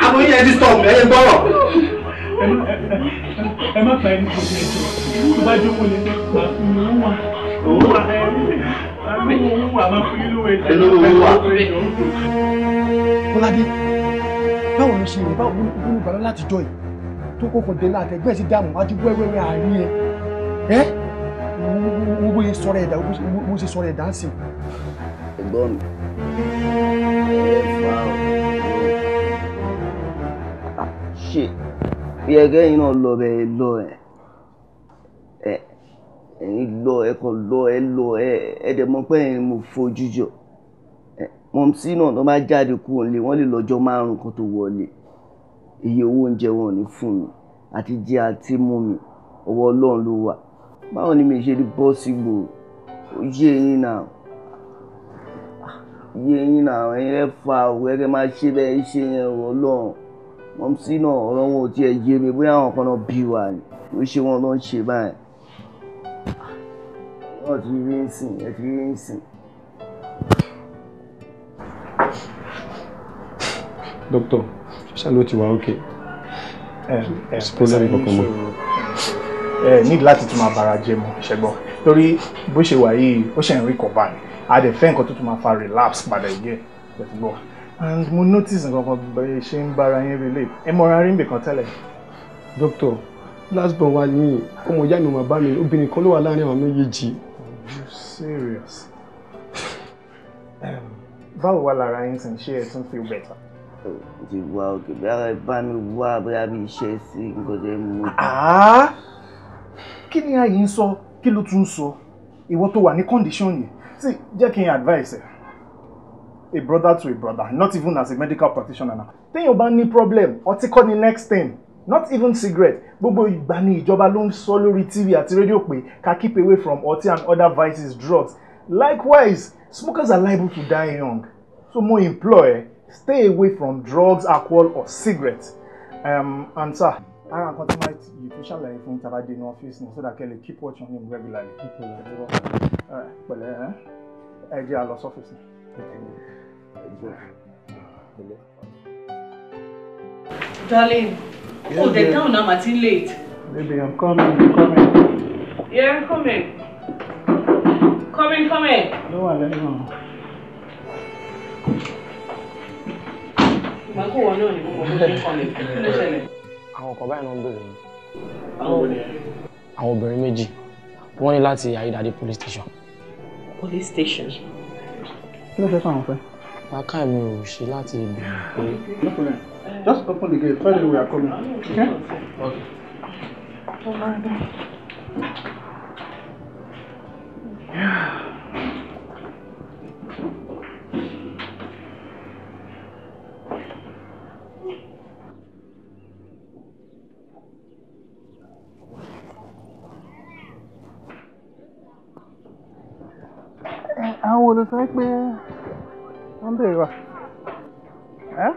Àwọn yẹn ti sọ̀rọ̀ ẹ̀yẹ gbọ́rọ̀ ẹ má pa ẹni tuntun ẹjọ́ tó bá jókòó lè fẹ́ pa ìlú wa òun wà ẹ ẹ òun wà máa fún ìlú ẹjọ́ ẹ lọ́wọ́ òun wà. Bọ́ládé báwo ló ṣe rè báwo ló ń gbàdá láti jọ yìí tó kó fòdè náà àtẹ̀gbẹ́ sí dààmú wájú wẹ́wẹ́wẹ́ àárín ẹ ẹ wo bó ṣe sọ̀rọ̀ ẹ̀dá wo ṣe sọ̀rọ̀ ẹ̀dá sí. ẹ̀gbọ́n mi ẹ fà á ṣe ti ẹ kẹ́yìn náà lọ bẹ ẹ lọ ẹ ẹ ẹ̀yin lọ ẹ kàn lọ ẹ lọ ẹ ẹ dẹ̀ mọ̀ pé ẹ̀yin mo fojú jọ ẹ mọ̀mísí náà tó bá jáde kúrò nílé wọ́n lè lọ́jọ́ márùn-ún kan tó wọlé iye owó oúnjẹ wọn ò ní fún mi àti jẹ àti mú mi ọwọ́ ọlọ́run ló wà báwo ni mi ṣe rí bọ́ọ̀sì gbò ó yé eyín náà yé eyín náà ẹ̀yin rẹ̀ fa òwe kẹ́ máa ṣe bẹ́ẹ̀ ṣe yẹn ọlọ́run mọ̀mísí náà ọ̀rọ̀ wọn ò tiẹ̀ yé mi bóyá àwọn kan náà bí wa ni ó ṣe wọn ló ń ṣe báyìí náà ti rí ń sìn ẹ ti rí ń sìn. dókítà ṣáà ló ti wá òkè ẹ pọ́lẹ́mì kankan mọ́. ẹ ní láti tún máa bára jẹ mọ́ ṣẹ́gbọ́n torí bó ṣe wà yìí ó ṣe ń rí kọ̀ọ̀bá ni a dẹ̀ fẹ́ nǹkan tó tún máa fa relapse padà ìgbẹ́ ẹ̀ ti and mo notice nǹkan kan bẹ́ẹ̀ ṣe ń bára yín relate ẹ rí nbìkan tẹ́lẹ̀. doctor last born wa ni ọmọ ìyá mi màmá mi obìnrin kan ló wà láàrin àwọn méjèèjì. you serious. báwo wà lára yín tí ń ẹ tún feel better. ti wá òkè bí ara bá mi wá bóyá bí iṣẹ́ sí nǹkan tó ń mú. Ah, ah. kí ni ayé ń sọ kí ló tún ń sọ ìwọ tó wà ní condition yìí sì jẹ́ kí n advice ẹ̀ a brother to a brother not even as a medical practitioner na téèyàn bá ní problem ọtí kọ́ ni next thing not even cigarette gbogbo ìgbà ni ìjọba ló ń sọ lórí tv àti rédíò pé ká keep away from ọtí and other vices drugs likewise smokers are liable to die young so mo implore stay away from drugs alcohol or cigarette. um, and sir ara nǹkan tí máa yìí tó ṣàlàyé fún tàbá dé ní ọ́fíìsì ní sódà kẹ́lẹ̀ keep watch on him regularly. pẹ̀lẹ́ ẹ jẹ́ àlọ́ sọ́fíìsì. Darling, yes, oh, they're down now, Martin late. Baby, I'm coming, I'm coming. Yeah, I'm coming. Coming, coming. No one, let me know. Ìgbà kò wọ́n náà ni mo mọ̀ bó ṣe ń kọ́lé. Kí ló ṣẹlẹ̀? Àwọn ọkọ̀ báyìí náà ń bèrè ni. Àwọn wo ni ẹ? Àwọn obìnrin méjì. Wọ́n ní láti Ayédáde police station. Police station? Kí ló fẹ́ fún àwọn fẹ́? Màkà mi ò ṣe láti ibi Just open the gate. Tell them we are coming. Okay? Okay. Yeah. I àwọn olùfẹ́ pé wọ́n ń bèrè wa ẹ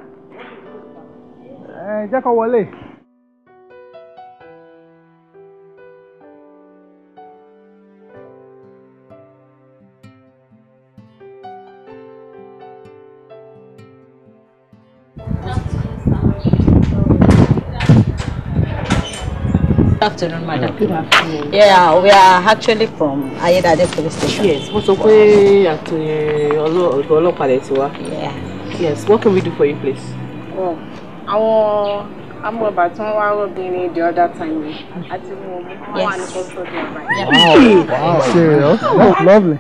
ẹ jẹ́ kó wọlé. afternoon, madam. Good afternoon. Yeah, we are actually from Ayedade police station. Yes, mo sọ pé àti eh, ọ̀dọ̀ ọlọ́pàá Yeah. Yes, what can we do for you, please? Oh, I'm about to wọ́n wá rọ̀bì the other time yìí àti wọn wà the custody ọ̀bà. Wow, serious? That's oh, lovely.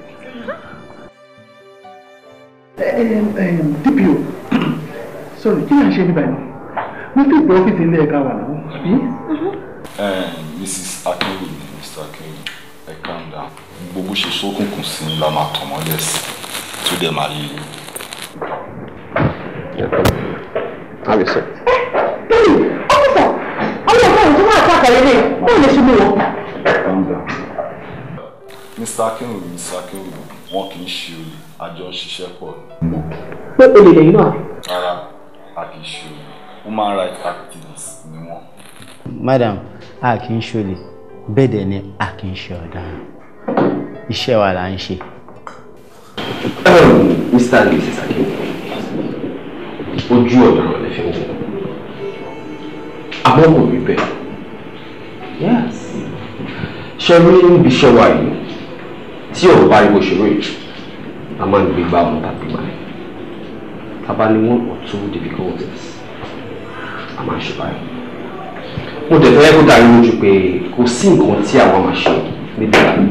Eh, eh, DPO, sorry, kí ni à ń ṣe níbàyìí? Mo ti gbọ́ ọ́fíìsì ilé ẹ̀ka wà lọ́wọ́, Um, eh, Mrs. Akinwumi, Mr. Akinwumi, ẹ calm down. Gbogbo ṣe ṣókùnkùn sí ni la máa tàn mọ́lẹ̀ sí tó dẹ̀ máa yé. Have a seat. Ọ́fíìsà, ọ̀rẹ́ ọ̀gá ìjọba àti àkàrẹ́ ilé, báwo lè ṣe mú wọn? Calm down. Mr. Akinwumi, Mr. Akinwumi, wọn kì í ṣe olè, àjọ ṣiṣẹ́ pọ̀ ni. Pé olè lẹ́yìn náà. Rárá, a kì í ṣe olè. Human rights activists ni wọ́n. Madam a kì í ṣolè bẹ́ẹ̀ dẹ̀ ni a kì í ṣe ọ̀daràn iṣẹ́ wa là ń ṣe. Mr. and Mrs. Akin ojú ọ̀daràn lè fi wò àmọ́ mo rí bẹ́ẹ̀ ṣe rí níbi iṣẹ́ wa yìí tí ọ̀rọ̀ bá rí bó ṣe a máa ń gbé gbá ọmọ tàbí gbà yìí tá one or two difficulties a máa ń ṣe báyìí mo dẹ̀ fẹ́ kó dàrí lójú pé kò sí nǹkan tí àwa máa ṣe níbi ìgbà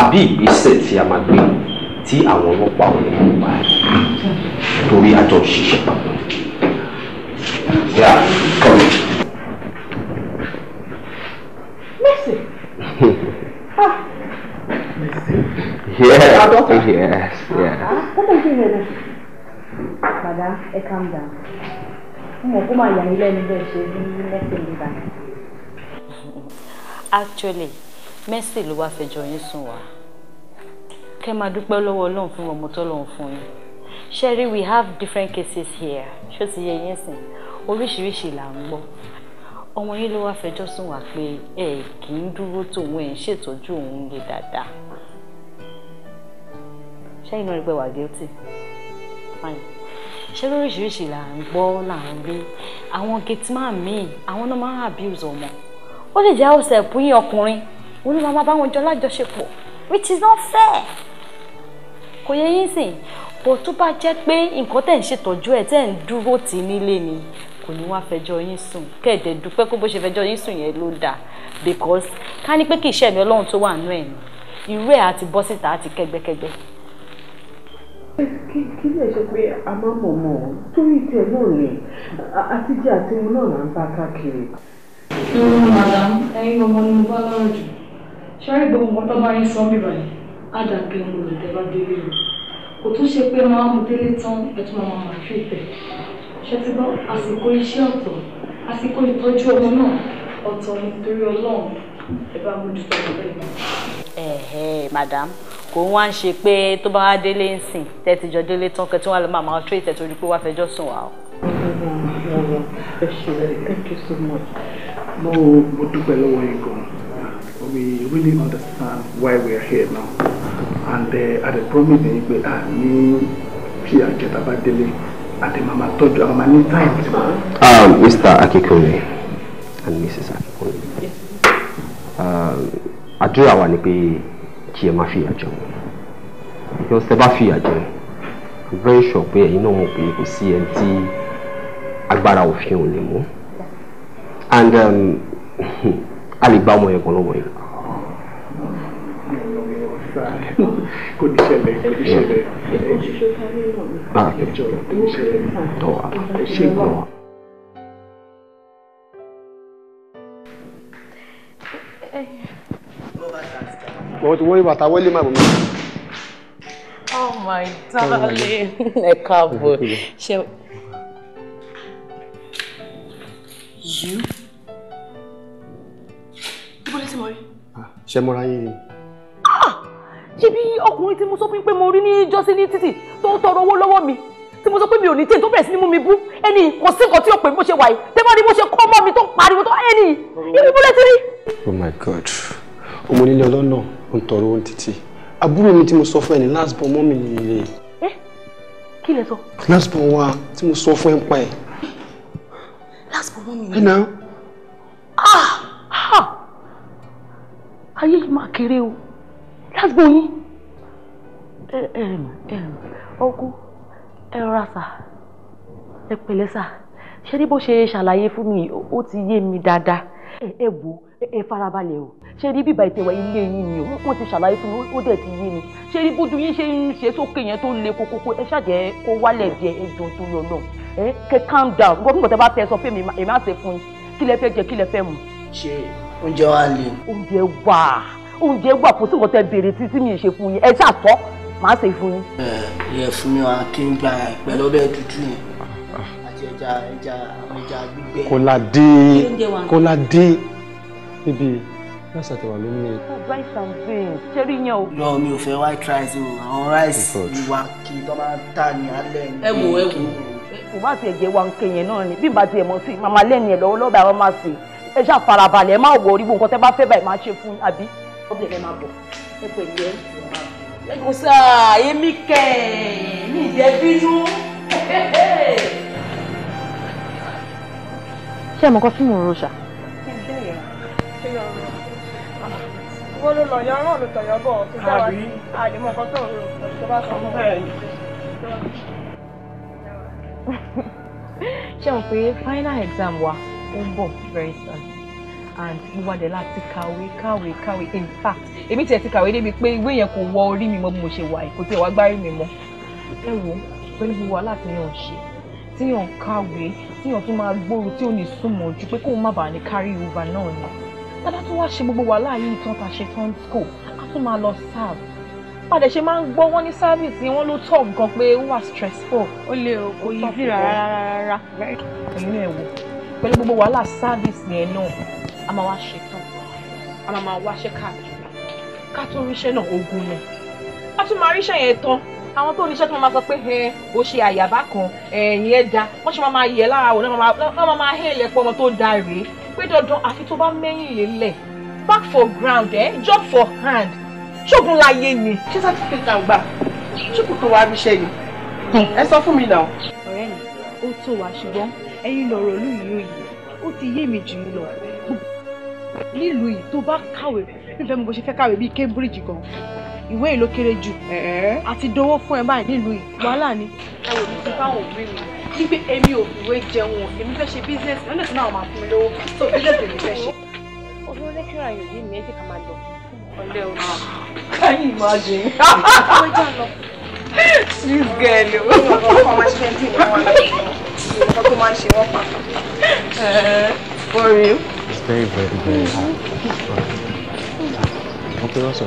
àbí ìgbésẹ̀ tí a máa gbé tí àwọn ọlọ́pàá ò ní mú wa torí àjọ òṣìṣẹ́ papọ̀. Yeah, come Yes. Yes, yes. Ah, what are you doing Madam, eh, calm down actually mẹ́sì ló wá fẹjọ́ yín sùn wá kẹ́ máa dúpẹ́ lọ́wọ́ ọlọ́run fún ọmọ tọ́lọ́run fún yín ṣẹ́rí we have different cases here ṣó ti yẹ yín sìn oríṣiríṣi là ń gbọ́ ọmọ yín ló wá fẹjọ́ sùn wá pé ẹ kì í dúró tòun ẹ̀ ń ṣètọ́jú òun lè dáadáa ṣẹ́yìn náà rí pé wà guilty fine ṣé lóríṣiríṣi là ń gbọ́ là ń rí àwọn gateman míì àwọn náà máa ń abuse ọmọ ó lè jẹ́ ọ̀sẹ̀ ìpínyìn ọkùnrin òun ni màmá báwọn jọ lájọṣepọ̀ which is not fair kò yẹ yín sìn bó tó bá jẹ́ pé nǹkan tẹ̀ ń ṣètọ́jú ẹ̀ tẹ̀ ń dúró tì nílé ni kò ní wá fẹjọ́ yín sùn kẹ̀dẹ̀ dúpẹ́ kó bó ṣe fẹjọ́ yín sùn yẹn ló dáa because ká ní pé kì í ṣẹ̀mí ọlọ́run tó wà nú ẹ̀ ni irú ẹ̀ àti bọ́ síta àti kẹgbẹ́kẹgbẹ́ kí lè ṣe pé a máa mọ̀ mọ́ ọ torí tiẹ̀ náà ni àtijọ́ àti wọn náà là ń bá káàkiri. Mm, madam ẹ̀yin ọmọ ni mo bá lọ́rọ̀ jù ṣáré gbogbo nǹkan tó bá yín sọ bíbá yìí á dàbí ohun olùtẹ́ bá délé o kò tún ṣe pé máa mú délé tán ẹ tún máa máa fi tẹ̀ ṣe ti gbọ́ àsìkò iṣẹ́ ọ̀tọ̀ àsìkò ìtọ́jú ọmọ náà ọ̀tọ̀ nítorí ọlọ́run ẹ̀hẹ́ madam kò wá ń ṣe pé tó bá wá délé ń sìn tẹ́tí délé tán kẹ́tí wọ́n lọ máa máa tírètẹ̀ torí pé wàá fẹjọ́ sùn wá thank you so much mo dúpẹ́ lọ́wọ́ yín gan we really understand why we are here now and uh, eh, at the promise yín pé a ní fi àjẹta bá délé àti màmá tọ́jú àwọn màmá ní time ah, mr akikunle and mrs akikunle. Yes àdúrà wa ni pé kí ẹ má fìyà jẹun because tẹ bá fìyà jẹun very sure pé ẹ̀yin náà mọ̀ pé kò sí ẹni tí agbára òfin ò lè mú and um, a lè gba ọmọ yẹn kan lọ́wọ́ yẹn. kò ní ṣẹlẹ̀ kò ní ṣẹlẹ̀ ah, ẹjọ́ kò ní ṣẹlẹ̀ ṣé gbọ́n But worry about our lima bomi. Oh my darling, ẹ káàbọ̀. You? Ibo lẹ ti mọ̀ rí? Ah, ṣé mo ra yín ni? Ah! Ṣebí ọkùnrin tí mo sọ fún pé mo rí ní Jọ́sí ní títì tó ń tọrọ owó lọ́wọ́ mi tí mo sọ pé mi ò ní tíì tó bẹ̀rẹ̀ sí ní mú mi bú ẹni kò sí nǹkan tí ó pè bó ṣe wà yìí tẹ́ bá rí bó ṣe kọ́ mọ́ mi tó ń pariwo tó ẹni ibi bó lẹ ti rí. Oh my God ọmọ nílé ọlọ́nà ń tọrọ ohun títí àbúrò mi tí mo sọ fún ẹ ní last born mọ́ mi nìyẹn. ẹ eh? kí lẹ sọ. last born wa tí mo sọ fún ẹ ń pa ẹ. last born mọ́ mi nìyẹn. ẹ ah ah ayé yìí máa kéré o last born yín. ẹ ẹ ẹ ọkú ẹ rọra sà ẹ pẹ̀lẹ́ sà ṣé ní bó ṣe ṣàlàyé fún mi ó ti yé mi dáadáa ẹ wo ẹ farabalẹ̀ o ṣé rí bíbá ìtẹ̀wá ilé yín ni o wọ́n ti ṣàlàyé fún mi ó dẹ̀ ti yé mi ṣé rí bójú yín ṣe ń ṣe sókè yẹn tó le kókókó ẹ ṣàjẹ́ kó wálẹ̀ díẹ̀ ẹ jọ tó lọ náà ẹ kẹ calm down gbọ́dọ̀ nígbà tẹ́ bá tẹ sọ fún mi èmi á ṣe fún yín kí lẹ fẹ́ jẹ kí lẹ fẹ́ mu. ṣe oúnjẹ wa le. oúnjẹ wà oúnjẹ wà kò sí nǹkan tẹ́ béèrè títí mi ì ṣe fún yín ẹ ṣàtọ́ màá ṣe fún yín. ẹ ẹ fún mi wá kí n gba ìpẹ́ lọ́bẹ̀ dúdú yẹn ẹja ẹja àwọn ẹja gbígbẹ. Kọ́ládé Kọ́ládé níbi rice àti wà lómi. Oh, rice and beans ṣé rí yẹn o. lọ mi ò fẹ́ white rice o àwọn rice ìwà kì í tọ́ máa ta ní alẹ́ ní. ẹ wò ẹ wò. kò bá tiẹ̀ jẹ́ wanke yẹn náà ni bí n bá tiẹ̀ mọ̀ sí i màmá lẹ́nu ẹ̀ lọ́wọ́ lọ́dọ̀ àwọn máa sè é ẹ ṣáà farabalẹ̀ ẹ má wọ orí gbogbo nǹkan tẹ́ bá fẹ́ báyìí máa ṣe fún yín àbí. ọ̀bẹ̀ ẹ máa bọ̀ ẹ pẹ̀lú ẹ ẹ̀gúsà èmi kẹ̀ ẹ̀ mi ìjẹ́ bínú. ṣé ẹ mọ̀ kọ́ fíìmù òun ṣá. wọ́n ló lọ yan ọ̀ràn ló tọ̀yọ̀ bọ̀ tó dá wa ní àdìmọ̀ kan tó ń final exam wa ó ń bọ̀ and mo wá dé láti kàwé kàwé kàwé in fact èmi tiẹ̀ ti kàwé débi pé ìwé yẹn kò wọ orí mi mọ́ bí mo ṣe wà kò tiẹ̀ wá gbárí mi mọ́ ẹ wò tíyàn kàwé tíyàn tún máa gbòòrò tí ò ní súnmọ́ ju pé kóun má bàa ní carry over náà ni bàbá tó wá ṣe gbogbo wàhálà yìí tán ta ṣe tán school á tún máa lọ serve padà ṣe máa ń gbọ́ wọ́n ní service ni wọ́n ló tọ̀ nǹkan pé ó wà stressful ó lè kò yí sí rárá rárá ẹ̀yin náà wò pẹ̀lú gbogbo wàhálà service yẹn náà a máa wá ṣetán a máa máa wáṣẹ́ káàkiri ká tó ríṣẹ́ náà ogun náà a tún máa ríṣẹ́ yẹn tán àwọn tó níṣẹ́ tí wọ́n máa sọ pé o ṣe àyàbá kan ẹ̀yìn ẹ̀ da wọ́n ṣe máa yẹ lára wò náà máa hẹ́ ilẹ̀ pọ̀ ọmọ tó da rèé pé dandan àfi tó bá mẹ́yìn yẹn lẹ̀ back for ground eh? job for hand ṣógun láyé ni. ṣé sátífíkẹ́tì àwọn gbà ṣùkú tó wá ríṣẹ́ ni ẹ sọ fún mi náà. ọ̀rẹ́ mi ó tó wa ṣùgbọ́n ẹ̀yin lọ̀rọ̀ olú yìí ó yìí ó ti yé mi jù ú lọ nílùú yìí tó bá kàwé nífẹ̀ẹ́ mi bó ṣe fẹ́ kàwé bíi Cambridge gan ìwé yìí ló kéré jù àti dowó fún ẹ báyìí nílùú yìí wàhálà ni. ẹ wò ní ti fáwọn òbí mi wípé èmi ò fìwé jẹun o èmi fẹ́ ṣe business lọ́nà tí náà máa fún mi lówó so business èmi fẹ́ ṣe. obìnrin lẹ́kìrà yóò yé mi ẹ jẹ́ ká máa lọ. ọ̀lẹ́ o kẹ́yìn máa jẹ. ọmọ ìjà lọ. this girl o. ọmọ ṣe ń tì ní wọn lọ kó máa ṣe wọn pàtó. for real. it's very very very hard. wọ́n pe wọ́n sọ.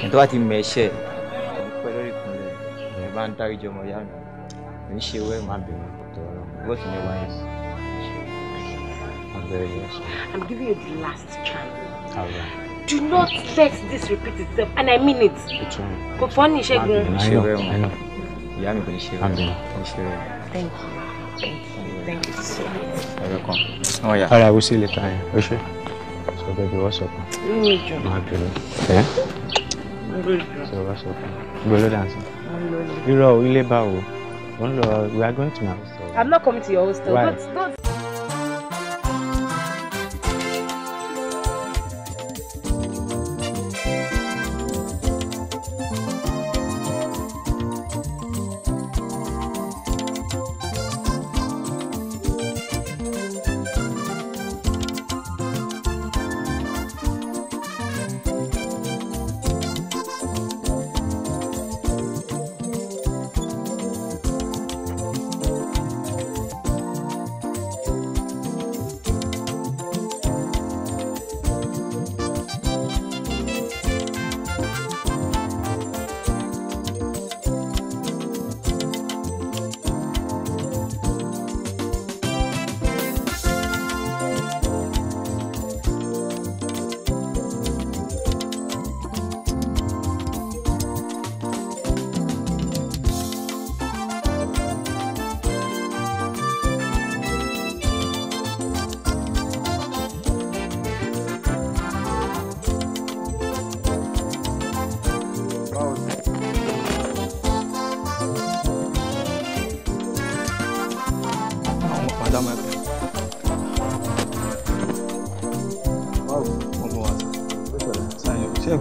ẹni tó bá ti mẹ̀ṣẹ̀ pẹ́ lórí ìkúnlẹ̀ ìyẹn bá ń dáríjì ọmọ ìyá mi kì í ṣe wẹ́ẹ̀ má bẹ̀rù tọ̀rọ̀ bó ti ní wáyé. I'm giving you the last chance. All right. Do not let this repeat itself, and I mean it. Kò fọ́ ní ìṣẹ́gun. I know. Ìyá mi kò ní ṣe rẹ̀. Àbẹ̀rẹ̀. Kò ní Thank you. Thank you. Thank you so much. You're welcome. Oh, yeah. All right, we'll see you later. Okay. So, baby, what's up? Ní ìjọ. Má bẹ̀rẹ̀. Ẹ́ sọ̀rọ̀ sọ̀rọ̀ gbọ́dọ̀ ló dànsìn. going to my hostel. I'm not coming to your hostel. Why? Don't, don't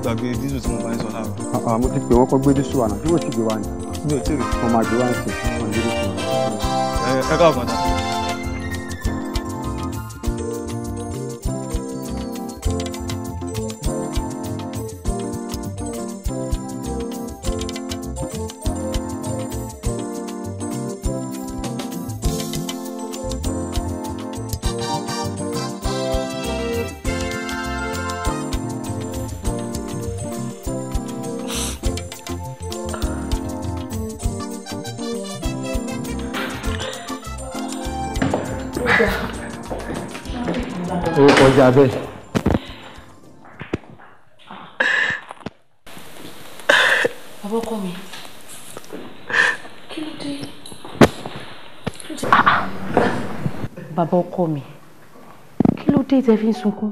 gbàgbé dísù tí mo bá ń sọ láàárọ̀. àmọ́ ti pè wọ́n kọ́ gbé dísù àná tí yóò sì gbé wa ni. mi ò tí ì rí. wọ́n máa gbé wa ń sìn ẹ káàbọ̀ náà. dà bẹ́ẹ̀. bàbá ọkọ mi kí ló dé kí ló dé. bàbá ọkọ mi kí ló dé tẹ́ fi ń sunkún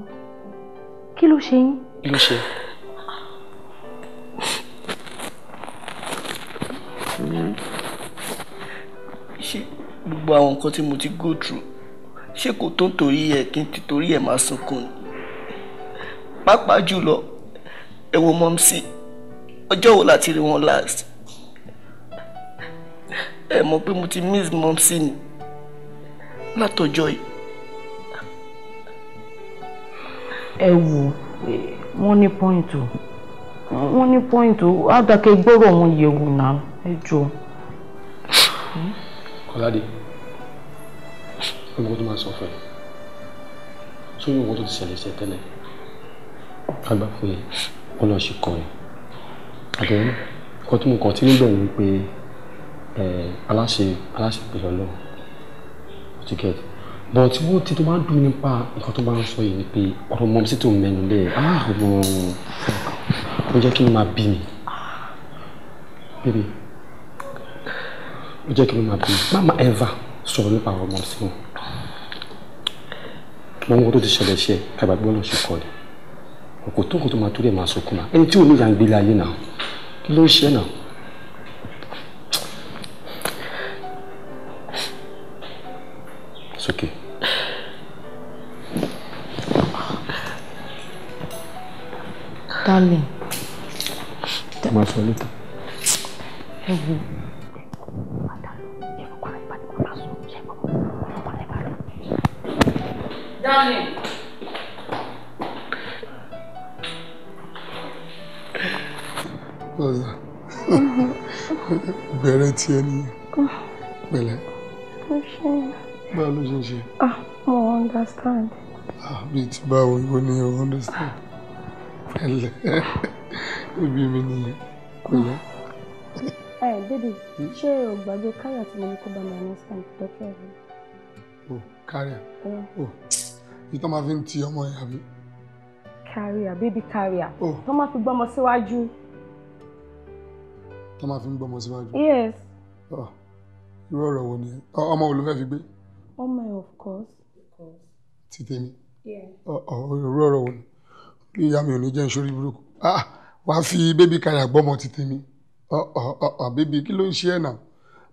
kí ló ṣe yín. kí ló ṣe. ṣé gbogbo àwọn nǹkan tí mo ti go through ṣé kò tó torí ẹ kí n ti torí ẹ máa sunkún ni pàápàá jùlọ ẹ wo mọ́mísì ọjọ́ wo láti rí wọn last ẹ mọ̀ pé mo ti miss mọ́mísì ni látọjọ́ yìí. ẹ wo wọ́n ní pọ́ìntì wọ́n ní pọ́ìntì á dákẹ́ gbọ́rọ̀ wọn yẹ̀wò náà ẹ jọ. ọ̀làdé. Hmm? máa sọ fún ẹ sórí owó tó ti ṣẹlẹ̀ sí ẹ tẹ́lẹ̀ agbá pé wọ́n lọ́ọ́ ṣe kọ́ ẹ àtẹ̀yìn ọkọ tí mo kàn tí nígbà yìí pé aláṣẹ aláṣẹ pẹ̀lú ọlọ́run tíkẹ́ẹ̀tì bọ̀n tí wọ́n ti tó máa ń dùn nípa nǹkan tó máa ń sọ yìí ni pé ọ̀rọ̀ mọ́ sí tó ń mẹ́nu lé ah ọmọ ó jẹ́ kí ló máa bí mi bíbí ó jẹ́ kí ló máa bí mi má má ever sọ̀rọ̀ nípa ọ̀rọ̀ mọ́ sí wọn mọ ohun tó ti ṣẹlẹ̀ ṣe àgbàgbọ́ náà ṣe kọ́ ni kò tó nǹkan tó máa torí ẹ̀ máa sunkún náà ẹni tí òun yà ń gbélé ayé náà kí ló ń ṣe náà. sókè. darling. máa sọ lóta. ẹ wo darling. Lọ́sà, bẹ̀rẹ̀ tí ẹ ní pẹ̀lẹ́. Báwo ló ṣe ṣe? Ah, mo understand. Ah, bíi ti báwo ìwọ ni o understand? Pẹ̀lẹ́, ibi mi nìyẹn, pẹ̀lẹ́. Ẹ ah, eh, bébì, ṣé o gbàgbé káyọ̀ tí mo ní kó bá mi understand pẹ̀lẹ́? O kárẹ̀, o bí tó máa fi ń ti ọmọ yẹn àbí. carrier baby carrier oh. tó máa fi gbọ́mọ síwájú. tó máa fi ń gbọ́mọ síwájú. yes. Oh. irú ọ̀rọ̀ wo ni ọmọ wo ló fẹ́ fi gbé. ọmọ ẹ of course. ti tèmi. Oh, irú ọ̀rọ̀ wo ni ìyá mi ò ní jẹ́ ìṣòro burúkú ah, wàá fi baby carrier gbọ́mọ ti tèmi bébí kí ló ń ṣe ẹ̀ náà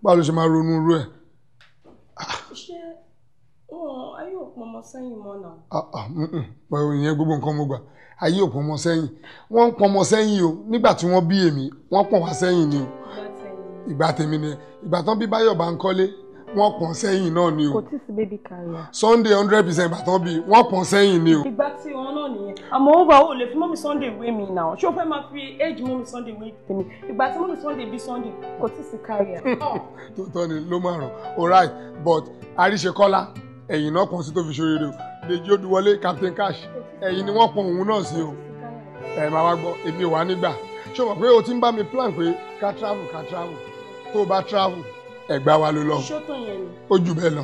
báwo ló ṣe máa ronú irú ẹ̀. iṣẹ́ ah sẹ́yìn mọ́ ah, ah, mm, mm. pẹ̀lú ìyẹn gbogbo nǹkan mo gbà ayé ò pọnmọ sẹ́yìn wọ́n ń pọnmọ sẹ́yìn o nígbà tí wọ́n bí èmi wọ́n pọ̀n wá sẹ́yìn ni o ìgbà tèmi ni ìgbà tán bí Báyọ̀ bá ń kọ́lé wọ́n pọ̀n sẹ́yìn náà ni o. kò tí sí baby carrier. Sunday hundred percent ìgbà tán bí wọ́n pọ̀n sẹ́yìn ni o. ìgbà tí wọn náà nìyẹn àmọ́ over o lè fi mọ́mí Sunday wé mi náà ṣé o fẹ́ máa fi age mọ́mí Sunday wé tèmi ìgbà tí mọ́mí Sunday bí Sunday kò tí sí carrier. tó tọ́ ni ló máa rọ̀ all right but àríṣekọ́lá ẹ̀yìn náà pọ̀ sí tó fi ṣoríire o Dèjì Odùwọlé Captain Cash ẹ̀yìn ni wọ́n pọ̀ òun náà sí o ẹ̀ máa wá gbọ́ èmi ò wá nígbà ṣé o mọ̀ pé o ti ń bá mi plan pé ká travel ká travel tó o bá travel ẹ̀gbá wa ló lọ ó jù bẹ́ẹ̀ lọ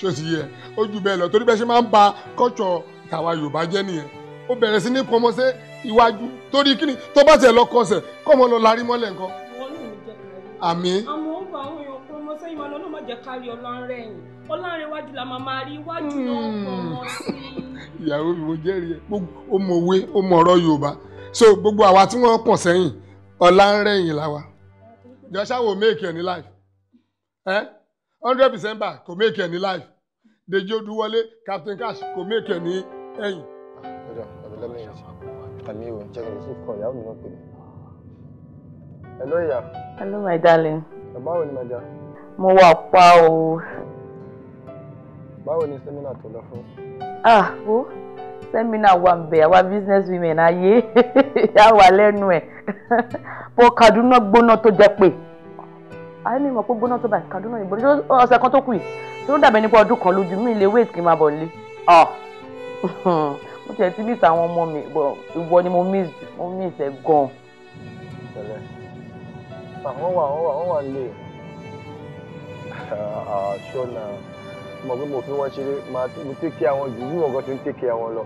ṣó ti yẹ ó jù bẹ́ẹ̀ lọ torí bẹ́ẹ̀ ṣe máa ń ba kọ́tsọ̀ tàwa Yorùbá jẹ́ nìyẹn ó bẹ̀rẹ̀ sí ní pọmọ́sẹ́ iwájú torí kíni tó bá tẹ̀ lọ kọsẹ̀ kọ́mọ lọ larí mọ́lẹ̀ nǹkan àmì. àmọ́ sẹ́yìn máa lọ náà má jẹ́ kárí ọlọ́rẹ́yìn ọlọ́rẹ́wájú la máa máa rí iwájú náà hmm. kàn wọ́n sí. ìyàwó mi mo jẹ́rìí ẹ̀ ó mọ òwe ó mọ ọ̀rọ̀ Yorùbá so gbogbo àwa tí wọ́n pọ̀ sẹ́yìn ọlọ́rẹ́yìn la wa jọ́sà wo make any life ẹ́ hundred percent back kò make any life Deji Oduwọlé Captain Cash kò make any ẹ̀yìn. Hello, Ìyá. Hello, my darling. Báwo ni, Màjà? mo wà pa o. báwo ni sẹ́mínà tó lọ fún. ah o sẹ́mínà wà ń bẹ̀ àwa business women ayé á wà lẹ́nu ẹ̀ bó Kaduna gbóná tó jẹ pé àyè mi mọ̀ pé gbóná tó báyìí Kaduna ìbò ọ̀sẹ̀ kan tó kù yìí tí ó dàbẹ̀ nípa ọdún kan lójú mi lè wait kí n máa bọ̀ lé ah, mo tiẹ̀ ti miss àwọn ọmọ mi ìwọ ni mo miss mo miss ẹ̀ gan àwọn ah, wà àwọn wà àwọn wà lè ṣọ́nà mo pé mo fi wọ́n ṣeré mo take care àwọn jù bí wọ́n gan ń take care lọ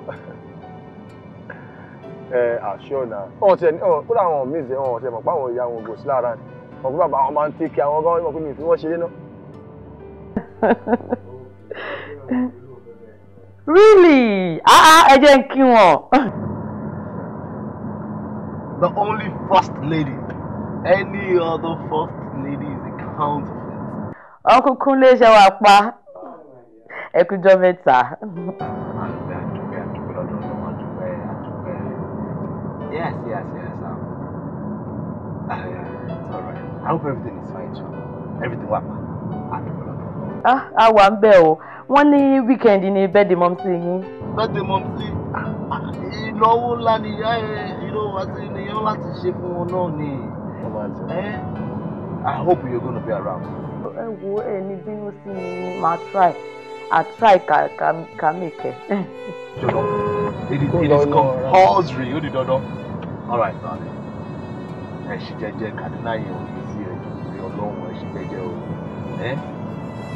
ṣọ́nà ọ̀hún tiẹ̀ kó làwọn míì ṣe ọ̀hún tiẹ̀ mọ̀ pé àwọn ìyá wọn kò sí lára wọn pé bàbá wọn máa ń take àwọn gan mo fi wọ́n ṣeré náà. Really? Ah, ah, ẹ jẹ́ n kí wọn. The only first lady. Any other first lady is a counterfeit. Uncle Kunle ṣe wà pa ẹkújọ mẹ́ta. Um, uh, I hope everything is fine, Everything wà Ah, a wà ń bẹ̀ o. Wọ́n ní weekend ni birthday mom sí yín. Birthday mom sí ìnáwó ńlá ni ìnáwó àti ìnáwó láti ṣe fún wọn náà ni. Eh? I hope you're gonna be around wo ẹni bínú sí mi ni màá try i try ka ka ka make ẹ. it is it is compulsory di dandan all right darling ẹ ṣì jẹjẹ kàdínà yẹn ò ní sí ẹjọ́ pé Ọlọ́run ẹ ṣì jẹjẹ o ẹ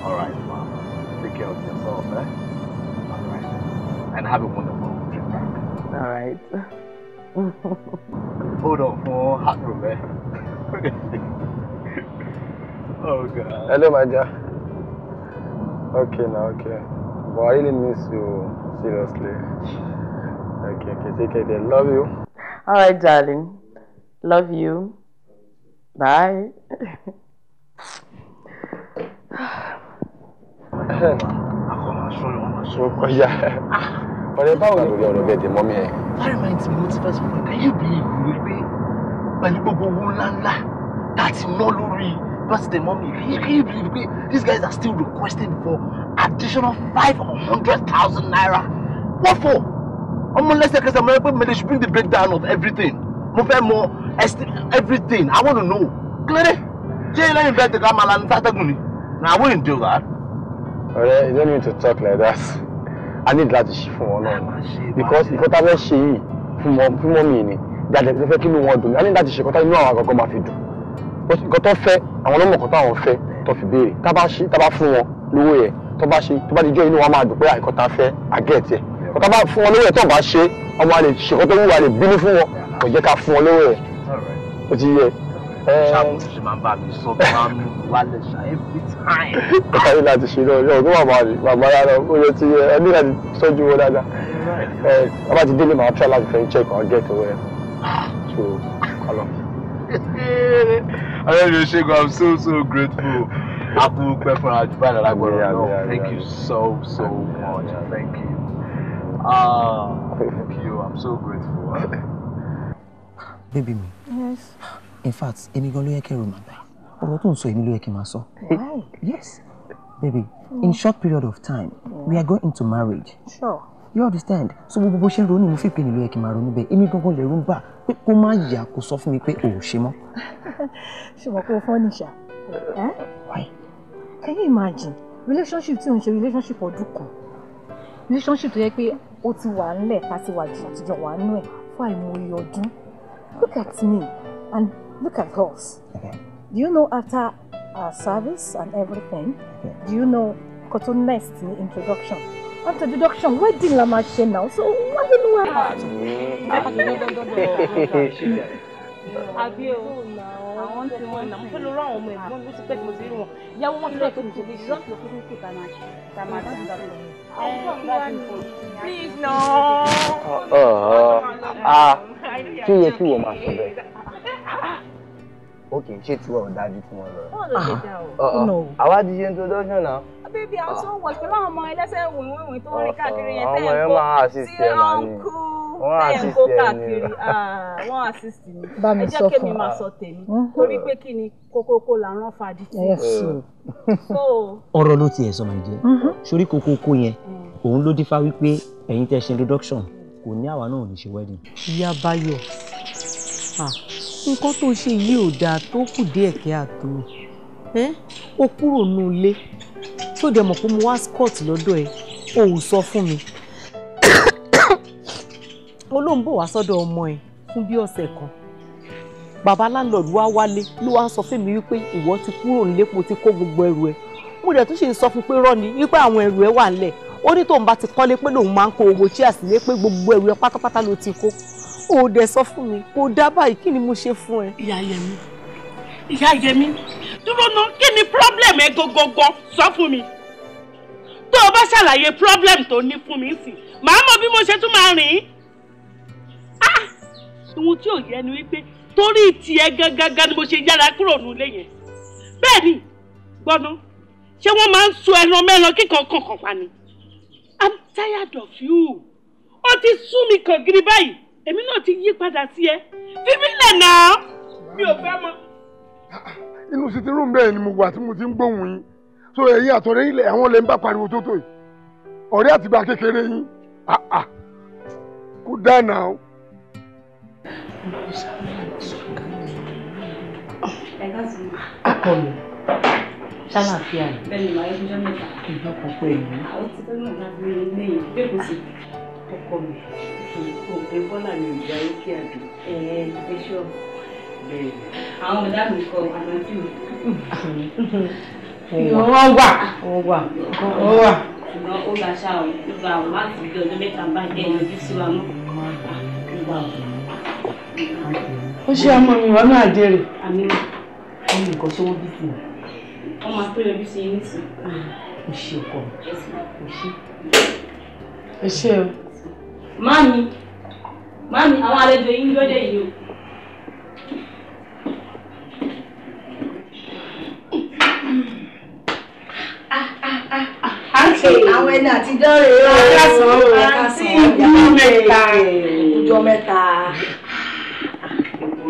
all right ma take care of yourself eh? all right and have a wonderful trip back. all right. hold on for heart room eh. Oh, God. Hello, my dear. Okay, now, okay. But I really miss you, seriously. Okay, okay, take care. Dear. Love you. All right, darling. Love you. Bye. ọ̀rẹ́ báwo ni lórí ọ̀rọ̀ bẹ́ẹ̀ dé mọ́mí ẹ̀. that reminds me what's first of can you believe wípé But gbogbo owó go tá a that's not lórí But the mommy, these guys are still requesting for additional five hundred thousand naira. What for? I'm unless I can they should bring the breakdown of everything. Mo fẹ́ mọ everything. I want to know. Clearly, Jay Lenny bet the grandma and Tataguni. Now I wouldn't do that. Alright, you don't need to talk like that. I need that to shift for one. Because if I was she, fún mọ́ mi ni, that they fẹ́ kí inú wọn dùn. I need that to shift because I know how I'm going to do nǹkan tó fẹ́ àwọn ló mọ̀ nǹkan táwọn fẹ́ tó fi béèrè tá bá ṣe tá bá fún wọn lówó yẹn tó bá ṣe tó bá di jọ́ inú wa máa dùn pé àìkọ́ ah, ta fẹ́ àgẹ́ẹ̀tì ẹ̀ kò tá bá fún wọn lówó yẹn tó bá ṣe ọmọ àlè ṣèkọ́ tó wúwa lè bínú fún wọn kò jẹ́ ká fún wọn lówó yẹn ó ti yẹ. ṣàkóso ṣe máa ń bá mi sọ tó máa ń mú wálé ṣá every time. ọ̀ka yìí láti ṣe náà yọ̀ọ́ kó bàbá rẹ̀ bàbá yà lọ ó yẹ ti yẹ ẹ ní láti tọ́jú wọn dáadáa ẹ ọba ti délé màá try láti fẹ́ check on get owó yẹn ah. so kọ́ lọ. Ọlọ́run ṣẹ́gun I'm so so grateful. Akúrúpẹ́ fúnra jù báyìí lágbọ̀rọ̀ náà. Thank you so so much. Thank you. Ah, thank you. I'm so grateful. Bébí mi. Yes. In fact, èmi gan ló yẹ kẹ́rù màgbà. Ọ̀rọ̀ tó ń sọ èmi ló yẹ kí n máa sọ. Yes. Baby, in hmm. short period of time, we are going into marriage. Sure. You understand? So gbogbo bó ṣe ń ronú mo fi pè nílò ẹ̀ kí n máa ronú bẹ́ẹ̀. Èmi gangan lè rún bá pé kó má yà kó sọ fún mi pé ò ṣe mọ́. ṣùgbọ́n kó o fọ́ nìṣà. can you imagine relationship tí ò ń ṣe relationship ọdún kan relationship tó yẹ pé ó ti wà ńlẹ̀ ká ti wà jù àtijọ́ wà nú ẹ̀ fún àìmọye ọdún look at me and look at us do you know after our service and everything do you know kò tó next introduction after deduction wedding la máa ṣe now so why no why. àbí o àwọn tí wọn náà mo fẹ́ lọ rọ àwọn ọmọ ẹ̀gbọ́n mi ti pẹ́ tí mo ti rí wọn ìyàwó wọn ti lọ tó mi ti rí sí. lọ́sọ̀ kúrú kù tá máa ṣe tá máa ṣe ń dàgbà. please no. kí yẹ kí wọ́n máa sọ bẹ́ẹ̀ ok ṣé tiwọn ò dájú tí wọn lọ. báwo ló ṣe dá o. àwa ti ṣe introduction náà. bébí àwọn tó ń wọ̀ pẹ̀lú àwọn ọmọ ẹlẹ́sẹ̀ wìnwìnwìn tó ń rìn káàkiri yẹn tẹ́ ẹ̀ ń kó sí ọ̀nkú tẹ́ ẹ̀ ń kó káàkiri wọ́n assist mi. bá mi sọ fún wa ẹ jẹ́ kémi máa sọ tèmi torí pé kí ni kókókó là ń rán fadí. ọ̀rọ̀ ló tiẹ̀ sọ máa jẹ́ sórí kókókó yẹn òun ló dífá wípé ẹ̀yin tẹ́ ṣe introduction kò ní àwa náà ò ní ṣe wedding. ìyá Báyọ̀ ah nǹkan tó ṣe yìí ò dáa tó kù díẹ̀ kí a tó o kúrò nù ilé tó dẹ̀ mọ̀ pé mo wá scott lọ́dọ̀ ẹ̀ o ò sọ fún mi olóńbò wá sọ́dọ̀ ọmọ ẹ̀ fún bí ọ̀sẹ̀ kan bàbá landlord wá wálé ló wá sọ fún mi wípé ìwọ ti kúrò nílé mo ti kó gbogbo ẹrù ẹ̀ mo dẹ̀ tún ṣe ń sọ fún pé rọ́ni wípé àwọn ẹrù ẹ̀ wà nílẹ̀ ó ní tóun bá ti kọ́lé pé lòun máa ń kó owó chíà sílé pé gbogbo ẹrù ẹ̀ pátápátá ló ti kó o ò dẹ̀ sọ fún mi kò dá báyìí kí ni mo ṣe fún ẹ. ìyá yẹmi ìyá yẹmi dúró ná kí ni problem ẹ gọgọgọ sọ fún mi tó o bá ṣàlàyé problem tó ní fún mi sí màá mọ bí mo ṣe tún máa rìn ah ohun tí ò yẹ ni wípé torí tiẹ̀ gangan ni mo ṣe yára kúrò nílé yẹn bẹ́ẹ̀ ni gbọ́nà ṣé wọ́n máa ń so ẹran mẹ́ran kíkan kankan pa ni i'm tired of you ó ti sú mi kàn gidi báyìí èmi náà ti yí padà sí ẹ fífi lẹ̀ náà mi ò fẹ́ mọ. inú sí ti rún bẹ́ẹ̀ ni mo wà tí mo ti ń gbóhùn yín so ẹ̀yin àtọ̀rẹ́ ilẹ̀ àwọn lè ń bá pariwo tó tó yìí ọ̀rẹ́ àtìgbà kékeré yín ah, ah. kú dáná o. akọlù sálàáfíà ni bẹ́ẹ̀ni màá yẹ fúnjọ mẹ́ta ìjọkọ pé èyí. ọkọ mi òpè bọ́là ni ìjà yìí kí àdó. ẹ ẹ ṣọ bẹ́ẹ̀ àwọn ọ̀dà mi kọ àlọ́jù. wọ́n wà wọ́n wà wọ́n wà. ṣùgbọ́n ó ga ṣá o ó ga o láti bí ọjọ́ mẹ́ta bá jẹ́ ìyọjú sí wa mọ́. ó ṣe ọmọ mi wọn náà jèrè. àmì wọn ní nǹkan tó wọ́n bí sí i. wọ́n máa pé ọbí sí i nísìnyí. ó ṣe ọkọ ó ṣe. ẹ ṣe o. Mami, mami, àwọn àlejò yìí ń lóde yìí o. àǹtí àwọn ẹni àtijọ́ rèé o. kásán o kásán ọjọ́ mẹ́ta. ọjọ́ mẹ́ta.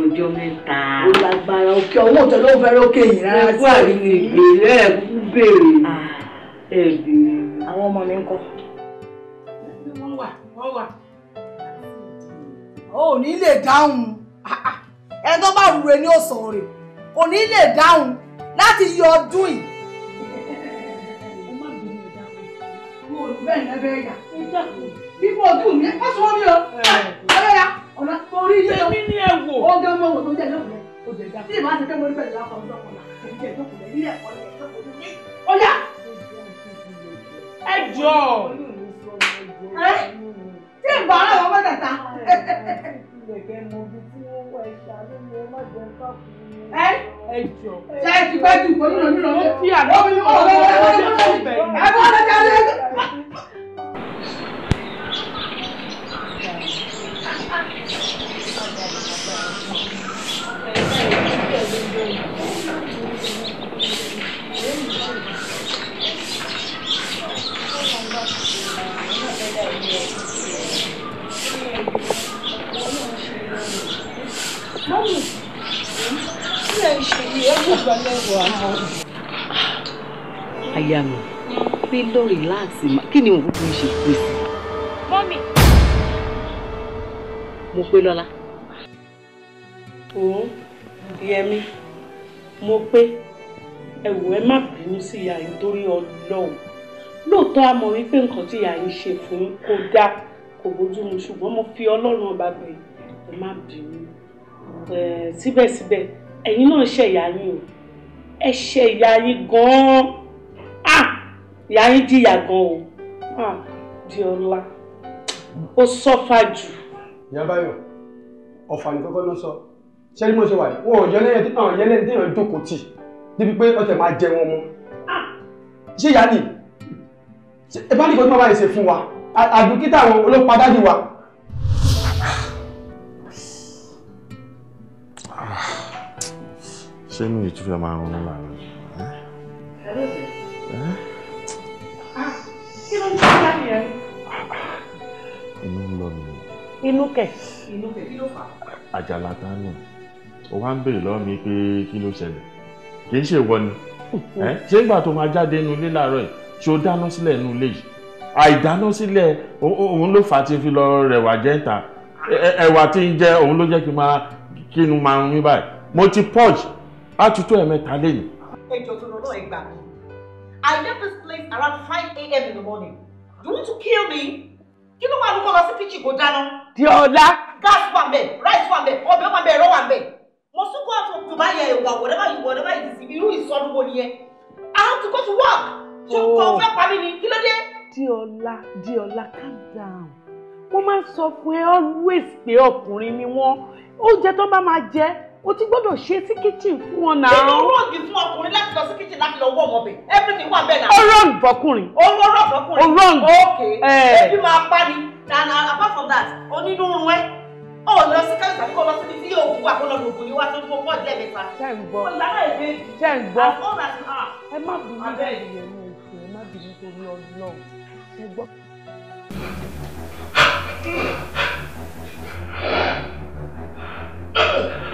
ọjọ́ mẹ́ta. ó lágbára òkè ọwọ́ òtọ́ ló ń fẹ́ lókè yìí rárá sí. ẹ̀kú àríwí ìgbè lẹ́ẹ̀kú béèrè. àwọn ọmọ mi ń kọ́ ó wà. o ò ní lè dáhùn ah, ah. ẹni tó bá rúre ní òsàn rè kò ní lè dáhùn láti yọ ọdún yìí. ẹ má bínú ẹ dáhùn mo ò bẹ́ẹ̀ ní ẹbẹ̀ ẹ̀yà ẹ dáhùn bíbọ ọdún mi ẹ sọ mi o ẹbẹ̀ ah, ya ọ̀nà orí ilé o ní ẹ wò ó gẹ́ mọ́ wò tó jẹ́ lọ́kùnrin o jẹ̀ dá sí ìmáà ti fẹ́ mo ní bẹ̀rẹ̀ lápá ọjọ́ kọ̀ọ̀la kò ní jẹ́ ìjọkùnrin ilé ẹ̀kọ́ ni ẹ̀jọ̀kùnrin ọ̀yà. ẹ jọ̀ọ́ tí n bá ara wọn mẹ́tẹ̀ẹ̀ta. ṣe é ti gbẹ́jú ìfọ̀nù nínú ọ̀rọ̀ àdó Thank you. mọ́mí ilé ìṣèlú ẹgbẹ́ ìgbàlẹ̀ wà á. àyà mi pé lórí láti má kí ni òun kúkú ṣe pè sí. mọ́mí. mo pé lọ́lá. òun yẹmi mo pé ẹwù ẹ má bínú sí ìyá yín torí Ọlọ́run lóòótọ́ a mọ̀ wípé nǹkan tí ìyá yín ṣe fún kò dáa kò bójú mu ṣùgbọ́n mo fi Ọlọ́run ọba bẹ̀ ẹ má bínú. Uh, síbẹ̀síbẹ̀ ẹ̀yin náà ṣe ìyá yín o ẹ ṣe ìyá yín gan-an ah! ìyá yín jìyà gan-an o ah! di ọlá ó sọ́fà jù. ìyá báyọ̀ ọ̀fà ní kọ́kọ́ náà sọ ṣé ní mo ṣe wà ní wọn ò yẹ lẹ́yìn tí wọn yẹ lẹ́yìn tí wọn jókòó tì débi pé ọ̀tẹ̀ máa jẹ wọn mọ́ ah! ṣé ìyá ni ẹ bá nìkan tí wọn bá yẹ ṣe fún wa àdùkítà àwọn olópa dádì wa. ṣé ní ìtú fẹ́ máa ronú láàrin. kí ló ń ṣe láàrin ẹ. inú ń lọ nìyẹn. inú kẹ. inú kẹ kí ló fà. àjàlá ta nù ó wá ń béèrè lọ́wọ́ mi pé kí ló ṣẹlẹ̀ kì í ṣe ìwọ ni ṣé ìgbà tó máa jáde inú ilé láàárọ̀ yìí ṣé o dáná sílẹ̀ inú ilé yìí àìdáná sílẹ̀ òun ló fà á ti fi lọ rẹwà jẹ́ ìta ẹ̀wà tí ń jẹ òun ló jẹ́ kí n máa kí n máa rún mi báyìí mo ti purge a ti tó ẹ̀mẹ́ta lẹ́yìn. ẹjọ tó lọ náà ẹ I left this place around five a.m. in the morning you want to kill me kí ló wà lóko lọ sí pitch kó dáná. di ọlá. gas wà mbẹ rice wà mbẹ ọbẹ̀ wà mbẹ ẹ̀rọ wà mbẹ mo tún kọ́ àtò tó bá yẹ ìwà whatever you whatever it is irú ìsọdúnwó ni yẹn I have to go to work. tó kọ́ oh. fẹ́ pa mí ni kí ló dé. di ọlá di ọlá calm down wọ́n máa ń sọ fún ẹ always pé ọkùnrin ni wọ́n oúnjẹ tó bá máa jẹ o ti gbọ́dọ̀ ṣe sí kitchen fún wọn náà. nínú rọ́ọ̀gì fún ọkùnrin láti lọ sí kitchen láti lọ wọ́ ọmọ bẹ̀ everything wà bẹ́ẹ̀ náà. ó rọ̀ǹ fọkùnrin. ó rọ̀ǹ fọkùnrin. ó rọ̀ǹ okay. ẹbí eh. máa pa ni and apart from that onínúurun ẹ ó lọ sí káyọ̀ tàbí kó lọ síbi tí yóò wà kó lọ lògùn ni wá tó ń fọwọ́ díẹ̀ mẹ́ta. ṣe ń gbọ́ ṣe ń gbọ́ ah. ẹ má bínú bẹ́ẹ̀ yẹn ní oṣù ẹ má bínú torí ọlọ́run ṣe gbọ́. Ugh!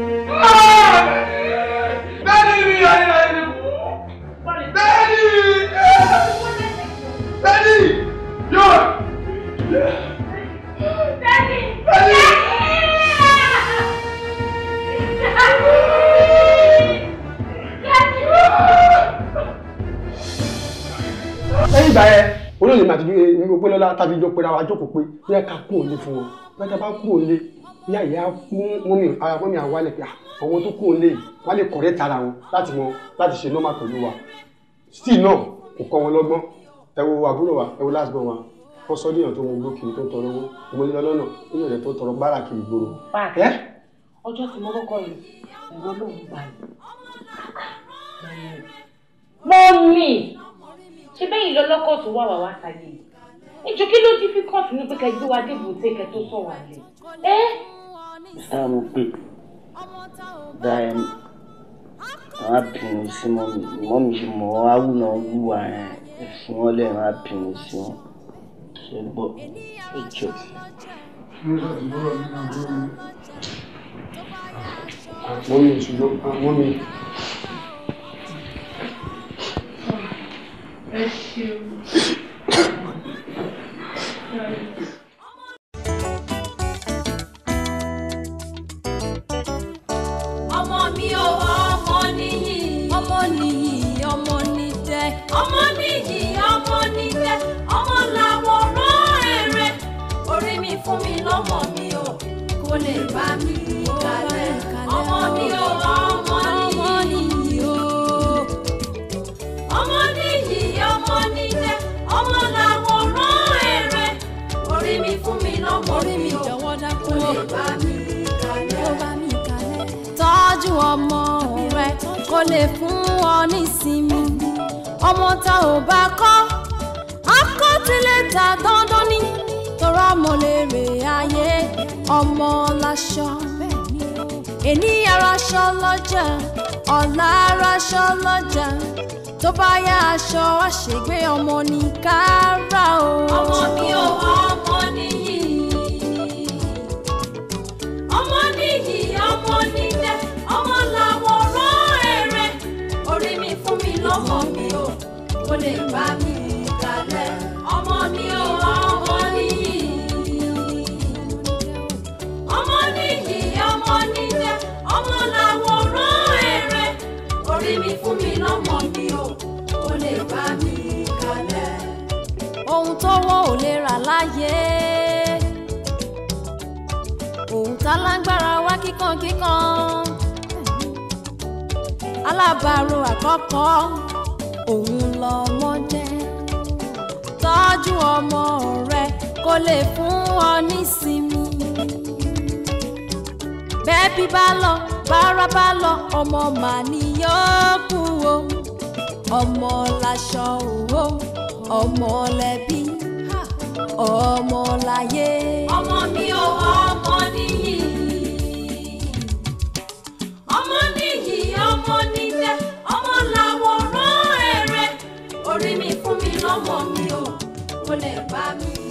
Daddy! Yọ̀ọ̀! Daddy! Daddy! lẹ́yìn ìgbà yẹn olóòlè màtí ní gbogbo eh, lọ́la tàbí jọ pé ra wa jókòó pé bí ẹ ká kú òní fún wọn bí ẹ bá kú òní ní àyè mọ́mí ara mọ́mí àwálẹ̀ pé ah, àwọn tó kú òní wọ́n lè kọ̀rẹ́ tara wọn láti mọ láti ṣe nọ́mà pẹ̀lú wa still náà kò kọ́ wọn lọ́gbọ́n ẹ wo àbúrò wa ẹ wo last born wa wọ́n sọ díẹ̀ tó ń gbó kiri tó ń tọrọ owó owó yín lọ́nà nínú rẹ̀ tó ń tọrọ gbára kiri gbòòrò. báàkì ọjọ́ tí mo kọ́kọ́ rẹ̀ ẹ̀rọ ló ń gbà yìí. mo ní ṣe bẹ́yìn lọ́lọ́kọ̀ tó wà wá wá sáyé yìí ìjọ kí ló difficult ní pé ká gbé wa dé bùté kẹ tó sọ wà lẹ. ẹ. sáà mo pè dá ẹ àwọn abìnrin sí mọ́mí mọ́mí ṣe mọ́ àwùjọ wúwa ẹ̀ ẹ fi wọn lẹ máa bínú sí wọn ṣe gbọ́ ìjọ. mọ́mí fún mi lọ́mọ mi o kó lè bá mi kalẹ̀ ọmọ mi o ọmọ nìyí o ọmọ nìyí ọmọ níjẹ ọmọ làwọn rán ẹrẹ orí mi fún mi lọ́mọ mi o kó lè bá mi kalẹ̀ tọ́jú ọmọ rẹ kó lè fún ọ nísinmi ọmọ tá ò bá kọ́ akọ́tìlẹ̀ ta dandan ọmọ lèrè ayé ọmọ láṣọ èní araṣọ lọ́jà ọ̀la araṣọ lọ́jà tó bá yá aṣọ àṣègbè ọmọ ní kára o. ọmọ mi ò wá ọmọ nìyí ọmọ nìyí ọmọ nílẹ̀ ọmọ làwọn rán ẹ̀rẹ̀ orí mi fún mi lọ́mọ mi o kò lè bá mi kalẹ̀. láyé òun tá lágbára wá kíkan kíkan alábàárò àkọ́kọ́ òun lọmọ jẹ́ tọ́jú ọmọ rẹ kó lè fún ọ nísinmi bẹ́ẹ̀bí bá lọ bára bá lọ ọmọ mà ní kú o ọmọ láṣọ òwò ọmọ lẹ́bí ọmọ láyé. ọmọ mi ò ọmọ nìyí. ọmọ nìyí ọmọ níjẹ́ ọmọ làwòrán ẹ̀rẹ́. orí mi fún mi lọ́mọ mi ò kò lè bá mi.